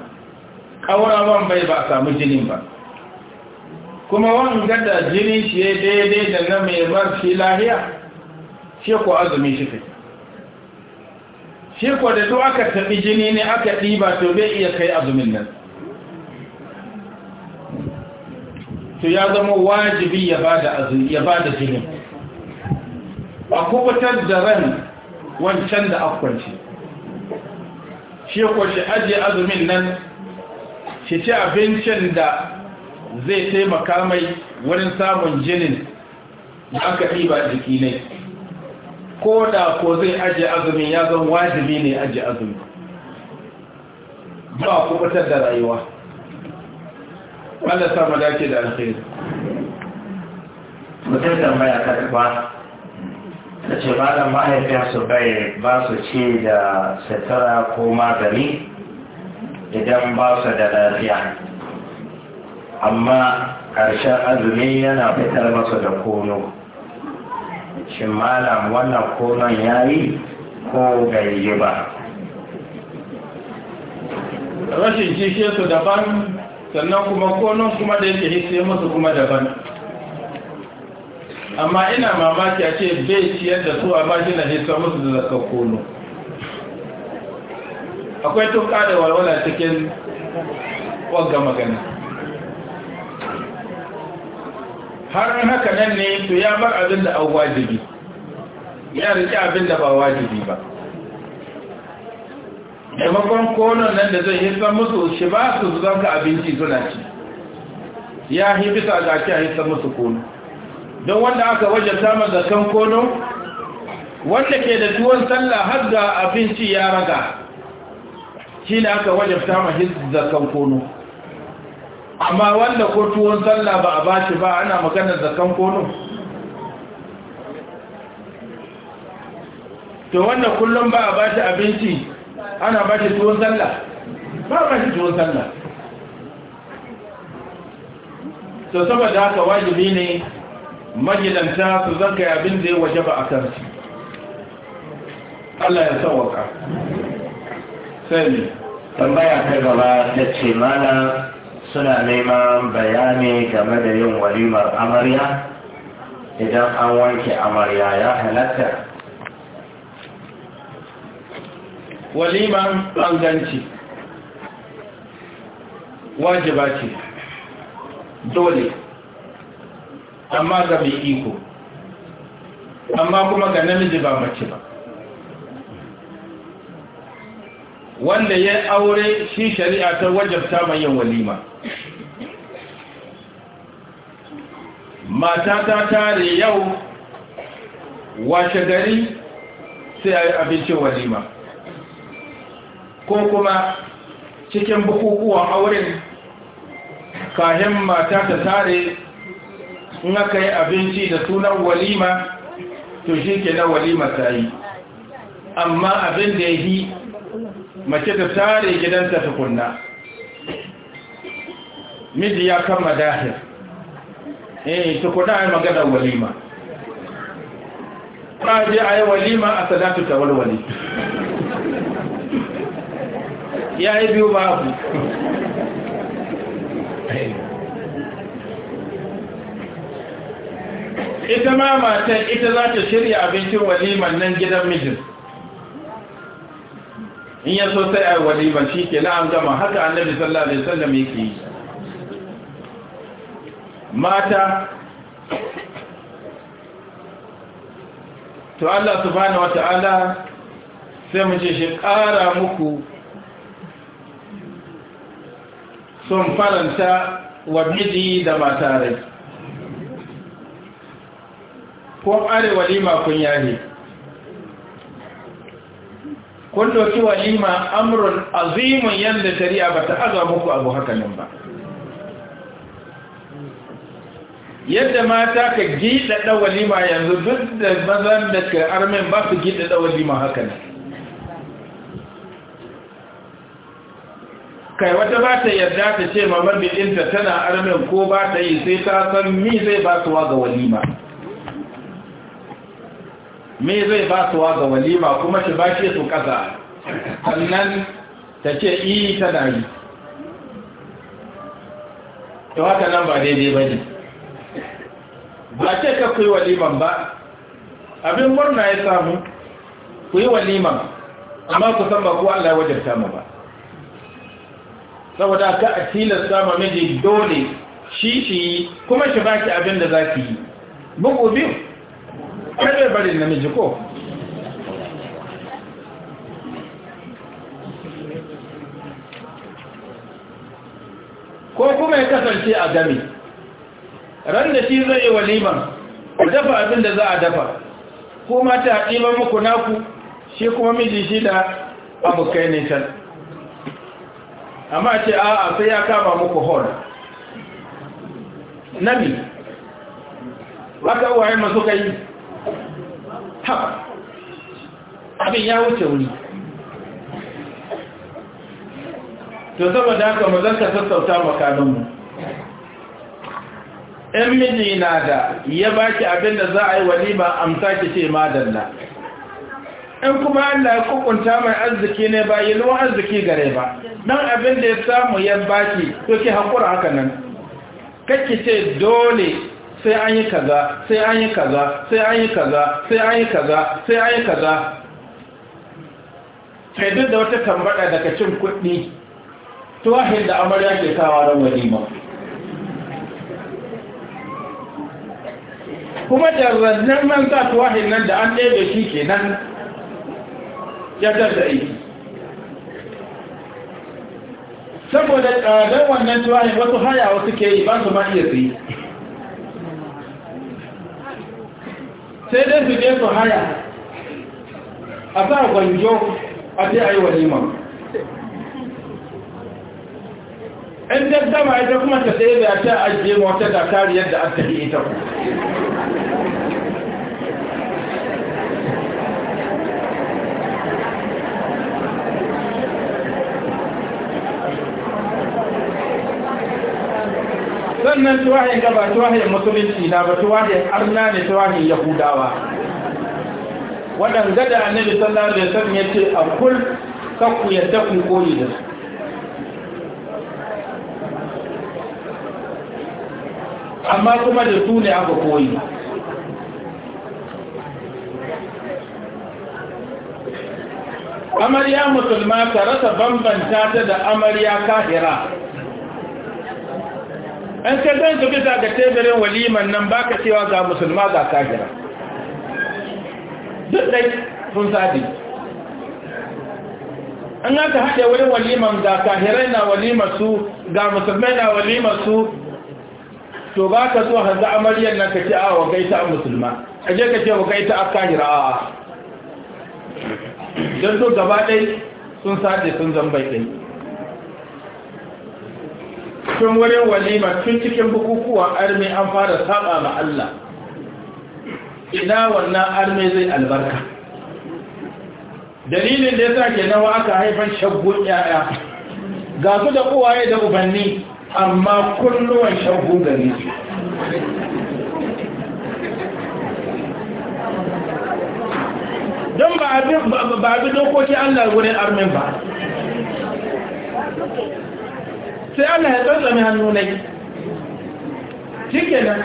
ƙaurawan bai ba a samu jinin ba kuma wanga da jini shi ya daidai da na mai bar shi lahiya shi ko azumi shi kai shi ko da duk aka tafi jini ne aka ɗiba to bai iya kai azumin nan to ya zama wajibi ya bada azumi ya da jini a kubutar da ran wancan da akwanci shi ko shi ajiye azumin nan shi ci abincin da zai taimaka mai wurin samun jinin da aka ɗiba jiki ne ko da ko zai ajiye azumin ya zan wajibi ne ajiye azumi ba kubutar da rayuwa wanda sama dace da alkhairu mutum tambaya ta ba da ce ba da mahaifinsu bai ba su ce da satara ko magani idan ba su da lafiya amma ƙarshen azumi yana fitar masa da kono shin malam wannan konon ya yi ko bai yi ba rashin su daban sannan kuma konon kuma da yake hisse musu kuma daban amma ina mamaki a ce bai ciyar da su a bashi na hisse musu da zaka kono akwai tun da walwala cikin wagga magana har haka nan ne to ya bar abin da wajibi ya rike abin da ba wajibi ba taimakon konon nan da zai hisan musu shi ba su zanka abinci suna ci ya hibi bisa ga ci musu kono don wanda aka waje samun zakan kono wanda ke da tuwon sallah har da abinci ya raga shi ne aka waje samun zakan kono amma wanda ko tuwon sallah ba a ba shi ba ana maganar zakan kono to wanda kullum ba a ba shi abinci ana ba shi tuwon sallah ba a ba shi tuwon sallah to saboda haka wajibi ne magidanta su zanka abin da ya waje ba a kansu Allah ya sauwaka sai ne tambaya ta gaba ta ce mana suna neman bayani game da yin walimar amarya idan an wanke amarya ya halatta waliman ɓanganci wajiba ce dole amma ga mai iko amma kuma ga namiji ba mace ba wanda ya aure shi shari'a ta wajabta mai yin walima mata ta tare yau washe gari sai a yi abincin walima ko kuma cikin bukukuwan auren kahin mata ta tare in aka yi abinci da sunan walima to shi ke na walima ta yi amma abin da ya yi mace ta tare gidanta tukunna miji ya kama dahir eh tukunna ai magana walima ba je ai walima a salatu ta walwali yi biyu babu ita ma matan ita za ta shirya abincin waliman nan gidan mijin in ya so sai a yi waliman shi ke na an gama haka annabi sallallahu alaihi wasallam yake yi mata to Allah subhanahu wata'ala sai mu ce shi ƙara muku son faranta wa miji da rai. ko are walima kun yahe kun tu walima amrun azimun yadda shari'a ba ta aza muku abu haka nan ba yadda mata ka gidada walima yanzu duk da mazan da ka armen ba su gidada walima haka nan kai wata ba ta yarda ta ce mamar bidinta tana armen ko ba ta yi sai ta san mi zai ba su wa ga walima me zai ba suwa ga walima kuma shi ba shi su kaza? sannan ta ce iyi tana yi to haka nan ba daidai ba ne ba ce ka kuyi waliman ba abin murna ya samu ku yi waliman amma ku san ba ku Allah wajen samu ba saboda ka a tilasta ma miji dole shi shi kuma shi baki abin da za ki yi bugu biyu kada bari namiji ko ko kuma ya kasance a gami ran da shi zai yi waliman ku dafa abin da za a dafa ko mata haɗiman muku naku shi kuma miji shi da abokai ne can amma ce a sai ya kama muku hall nami haka uwaye masu kai abin ya wuce wuri to saboda haka mu zanka sassauta makaninmu ɗan miji na da ya baki abin da za a yi walima amsa ki ce ma madalla in kuma Allah kukunta mai arziki ne ba yi luwan arziki gare ba nan abin da ya samu ya baki to ki haƙura haka nan kakki ce dole sai an yi kaza sai an yi kaza sai an yi kaza sai an yi kaza sai an yi kaza sai duk da wata tambada daga cin kuɗi tuwahin da amarya ke kawo don walima kuma da rannan man za tuwahin nan da an ɗaya shi ke nan ya tarda aiki saboda tsadar wannan tuwahin wasu haya wasu ke yi ba su ma iya su yi sai dai su je haya a sa gwanjo a ce a yi walima in daddama ita kuma ta tsaye da ta ajiye mota da kariyar da aka yi ita sannan tuwahin ga ba tuwahin musulunci na ba tuwahin arna ne tuwahin yahudawa waɗanda da annabi sallallahu alaihi wasallam ya ce a kul sakku ya tafi koyi da su amma kuma da su ne aka koyi amarya musulma ta rasa bambanta ta da amarya kahira an ka zan su bisa ga teburin waliman nan ba ka cewa ga musulma ga kajira duk dai sun sadi an ka haɗe wurin waliman ga kahirai na walimarsu su ga musulmai na walimarsu su to ba ka zuwa hanzu amaryar nan ka ce a ah, wa gaita a musulma a je ka ce wa gaita a kahira a ah. don to gaba ɗai sun sadi sun zambai ɗai cikin wurin walima tun cikin bukukuwan arme an fara saba ma Allah ina wannan arme zai albarka dalilin da ya ke nawa aka haifar shaggun yaya ga su da uwaye da ubanni amma kulluwan shaggun gari su don ba abin dokoki Allah wurin armin ba sai Allah ya tsantsame hannu na yi shike nan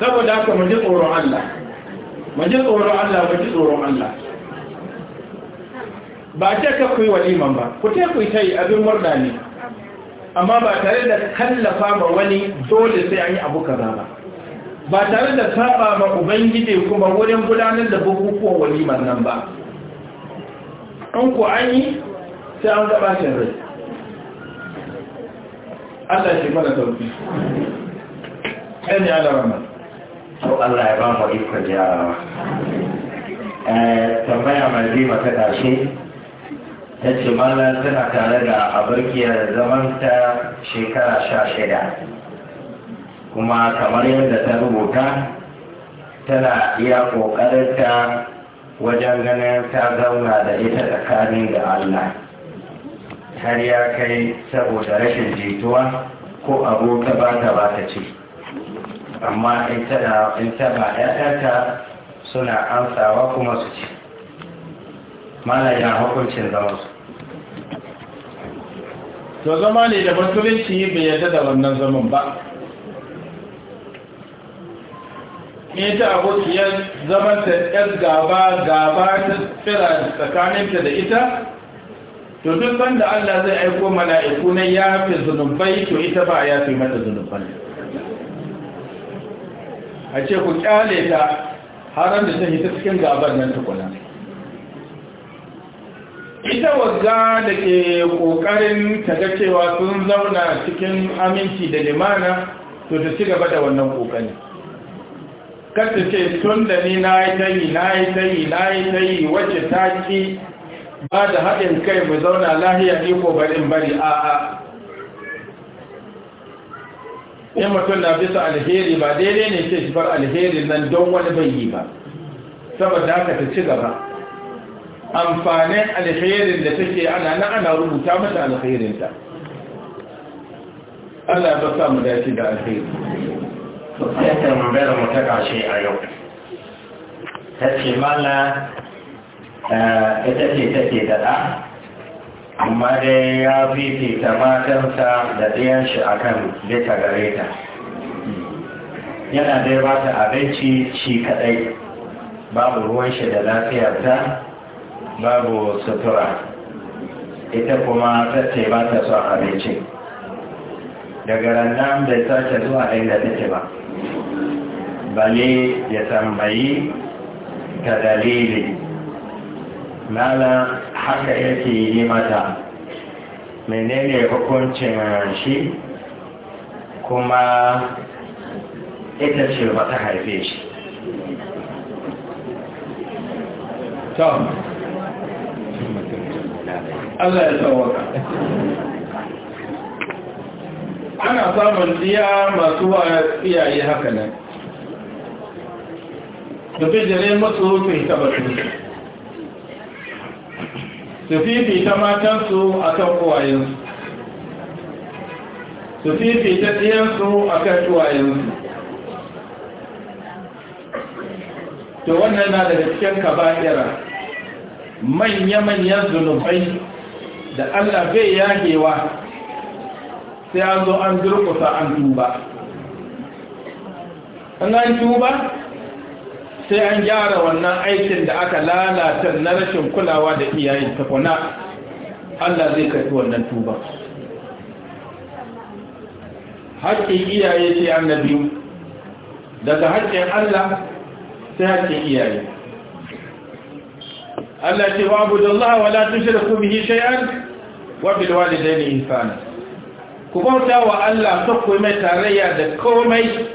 saboda haka maji ji tsoron Allah maji ji tsoron Allah ba ji tsoron Allah ba ce ka ku yi waliman ba ku te ku yi ta yi abin murna ne amma ba tare da kallafa ma wani dole sai an yi abu kaza ba ba tare da saba ma ubangiji kuma wurin gudanar da bukukuwan waliman nan ba an ku an yi sai an gaba shi rai Allah shi mana tauki ɗani ya da ramar to Allah ya ba mu ikon jarawa eh, tambaya mai rima ta ƙarshe ta ce mana tana tare da abarkiyar zamanta shekara sha shida kuma kamar yadda ta rubuta tana iya ƙoƙarinta wajen ganin ta zauna da ita tsakanin da Allah har ya kai saboda rashin jituwa ko abu ta ba ta ba ta ce amma in taba ‘ya'yanta suna amsawa kuma su ce malayin hukuncin zamansu to zama ne da musulunci bai yarda da wannan zaman ba ta abokiyar ta ‘yar gaba gaba ta tsira tsakaninta da ita to duk banda Allah zai aiko mala'iku na ya fi zunubai to ita ba ya fi mata zunuban a ce ku kyale ta haram da ta hita cikin gabar nan tukuna ita wagga da ke kokarin taga cewa sun zauna cikin aminci da limana to ta ci gaba da wannan kokari kar ta ce tun da ni na yi tayi na yi tayi na yi tayi wacce ta ci ba da haɗin kai mu zauna lahiya ne ko barin bari a a in mutum na bisa alheri ba daidai ne ce shifar alheri alherin nan don wani bayi ba saboda haka ta ci gaba amfanin alherin da take ana na ana rubuta mata alherinta Allah ya basa mu dace da alheri sosai ta mu bayar mu kashe a yau ta ce mana Eh, ita ce take da ɗa amma dai ya ta matansa da ɗiyan shi a kan gare ta yana dai ba ta abinci shi kaɗai babu ruwan shi da lafiyarta babu sutura ita kuma tace ba ta son abinci daga rannan bai sace zuwa inda take ba bale ya tambayi ta dalili malam haka yake yi mata menene hukuncin shi kuma ita ce ba ta haife shi tom Allah ya tsawaka ana samun tsiya masu wa iyaye haka nan da bijire masu rufin tabbatin su ta matansu a kan uwayensu su fifita ɗiyansu a kan kuwayensu to wannan na daga cikin kaba'ira manya-manyan zunubai da allah bai yagewa sai an zo an durkusa an tuba an an tuba sai an gyara wannan aikin da aka lalata na rashin kulawa da iyayen takwana Allah zai karfi wannan tuba haƙƙin iyaye sai an na biyu daga haƙƙin Allah sai haƙƙin iyaye Allah ce wa abu da Allah wa la tushriku bihi shay'an wa bil walidayni ihsana ku bauta wa Allah sai ku mai tarayya da komai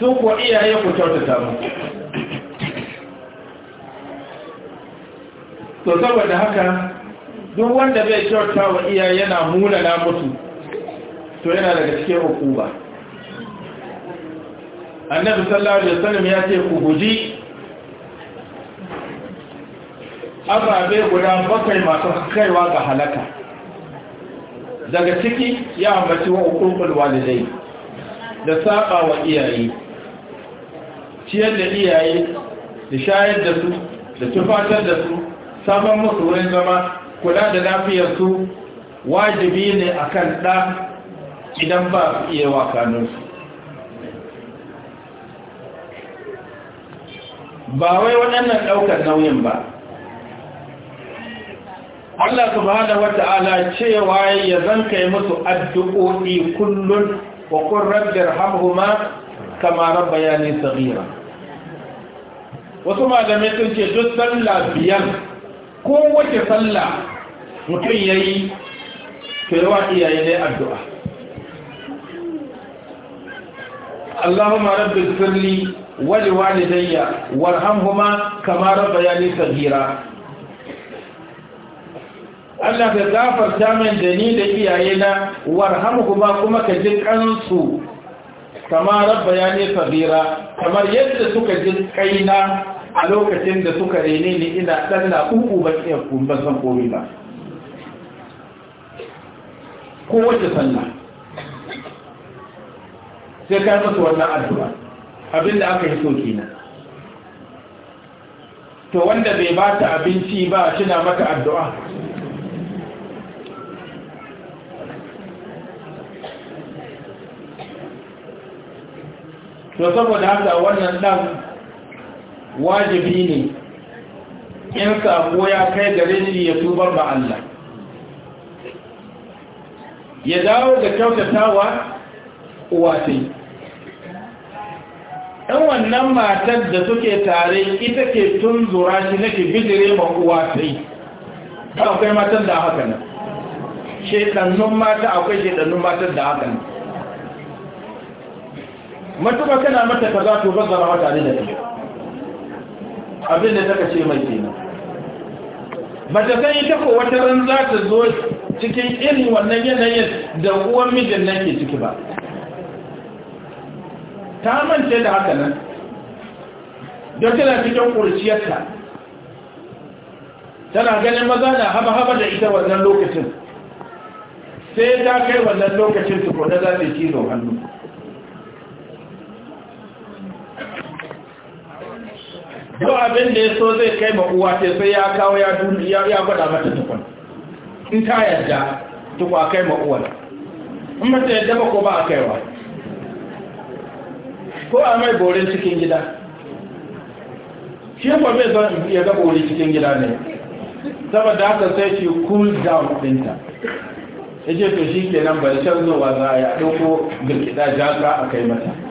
su ku iyaye ku kyautata muku to saboda haka duk wanda bai kyauta wa iya yana munana mutu to yana daga cikin hukuma annabi sallallahu alaihi wasallam ya ce ku guji ababe guda bakwai masu kaiwa ga halaka daga ciki ya ambaci wa walidai da saba wa iyaye ciyar da iyaye da shayar da su da tufatar da su saman musu wurin zama kula da lafiyarsu wajibi ne a kan ɗa idan ba su iya wakaninsu ba wai waɗannan ɗaukar nauyin ba Allah subhanahu wata'ala cewa ya zan kai musu addu'o'i kullum wa kun rabbi rahamhuma kama rabbayani wasu malamai sun ce duk sallah biyar kowace sallah mutum ya yi kewa iyaye ne addu'a Allahumma rabbi sirli wali walidayya warhamhuma kama rabbayani saghira Allah ka gafarta min da ni da iyayena warhamhuma kuma ka ji kansu kama bayani saghira kamar yadda suka ji kaina a lokacin da suka rene ni ina ɗan na uku ba iya kumban san komai ba kowace sannan. sai ka masu wannan addu'a abinda aka yi so na. to wanda bai ba ta abinci ba shina mata addu'a to saboda haka wannan ɗan wajibi ne in sako ya kai gare ni ya tubar ba Allah ya dawo ga kyautatawa uwatai ɗan wannan matar da suke tare ita ke tun zura shi nake bijire ma uwatai ta akwai matar da haka nan shekannun mata akwai shekannun matar da haka nan matuka kana mata ka za to bazara mata ne da ke abin da taka ce mai kenan mace san ita ko wata ran za ta zo cikin irin wannan yanayin da uwan mijin nan ke ciki ba ta mance da haka nan don tana cikin kurciyarta tana ganin maza na haba-haba da ita wannan lokacin sai ta kai wannan lokacin tukuna za ta yi kizo hannu ba abin da ya so zai kai ma uwa ce sai ya kawo ya gwada mata tukun in ta yadda a kai ma uwa in mata yadda ba ko ba a kaiwa ko a mai borin cikin gida shi ba mai zan ya ga borin cikin gida ne saboda haka sai shi cool down ɗinta ya ce to shi ke nan bari canzowa za a yi a ɗauko birkiɗa jaka a kai mata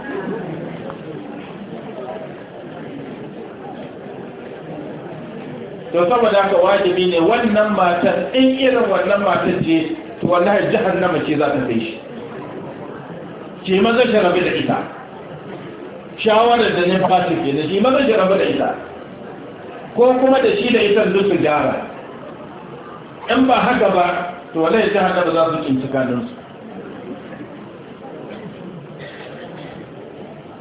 to saboda haka wajibi ne wannan matar in irin wannan matar ce to wallahi jahannama ce za ta kai shi ce maza shi rabu da ita shawarar da ne fasi ke da shi maza shi rabu da ita ko kuma da shi da ita su gyara in ba haka ba to wallahi jahannama za su cinci kanunsu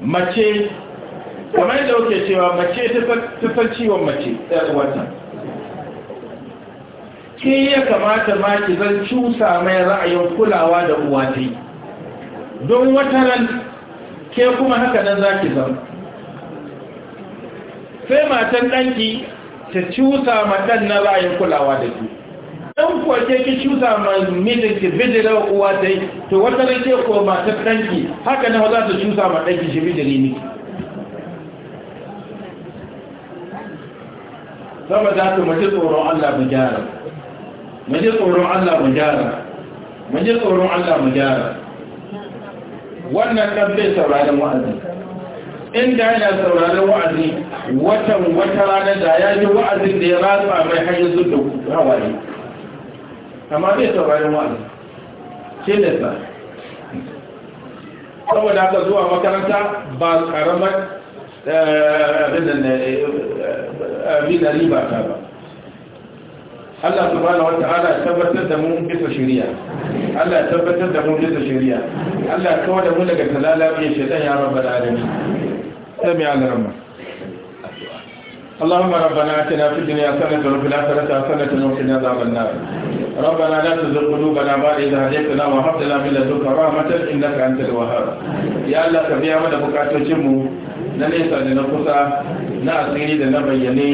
mace kamar da wuke cewa mace ta san wa mace ya tsawata ke ya kamata ma ki zan cusa mai ra'ayin kulawa da uwa yi don wata ran ke kuma haka nan za ki zama sai matan ɗanki ta cusa ma ɗan na ra'ayin kulawa da ke ɗan kuwa ke ki cusa ma mijin ki bidira uwa yi to wata ran ke ko matan ɗanki haka nan za ta cusa ma ɗanki shi bidiri miki saboda za mu ji tsoron Allah mu gyara mu tsoron Allah mu gyara mu tsoron Allah mu gyara wannan kan bai sauraron wa'azi inda yana sauraron wa'azi watan wata rana da ya ji wa'azin da ya ratsa mai hanyar zuwa hawaye amma bai sauraron wa'azi ce da sa saboda ka zuwa makaranta ba karamar آه، الله سبحانه وتعالى ثبت دمون بيت شريع الله ثبت دمون بيت شريع الله كود ملك سلالة في شيطان يا رب العالمين سمع الرمى اللهم ربنا أتنا في الدنيا سنة وفي الآخرة سنة وفي عذاب النار ربنا لا تزغ قلوبنا بعد إذا هديتنا وهب لنا من لدنك رحمة إنك أنت الوهاب يا الله سبحانه وتعالى na nesa da na kusa na asiri da na bayyane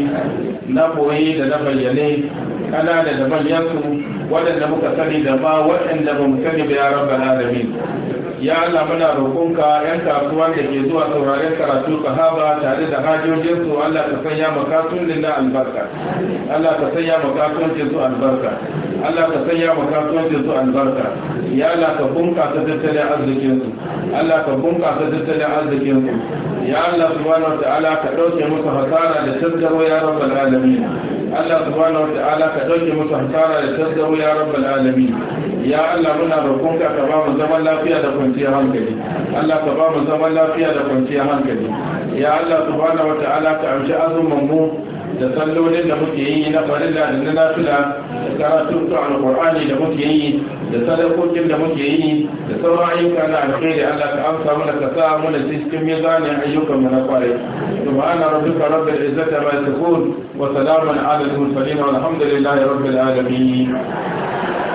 na koyi da na bayyane kana da yansu waɗanda muka sani da ma waɗanda ba mu sani ba ya rabba alamin ya Allah muna roƙonka yan kasuwan da ke zuwa sauraren karatu sahaba tare da hajojin su Allah ka sanya makatun lilla albarka Allah ka sanya makatun su albarka Allah ka sanya makatun su albarka ya Allah ka bunƙasa tattalin arzikin su Allah ka bunƙasa tattalin arzikin su ya Allah subhanahu wa ta'ala ka dauke musu hasara da tattaro ya rabbal alamin Allah subhanahu wa ta'ala ka dauke musu hasara da tattaro ya rabbal alamin ya Allah muna roƙonka ka ba mu zaman lafiya da kwanciyar hankali Allah ka ba mu zaman lafiya da kwanciyar hankali ya Allah subhanahu wata'ala ka amshi azumin mu da sallolin da muke yi na farilla da na nafila da karatun alqur'ani da muke yi da sadakokin da muke yi da sauran ayyuka na alkhairi Allah ka amsa mana ka sa mana cikin mizanin ayyukan mu na kwarai subhana rabbika rabbil izzati ma yasifun wa salamun ala al mursalin walhamdulillahi rabbil alamin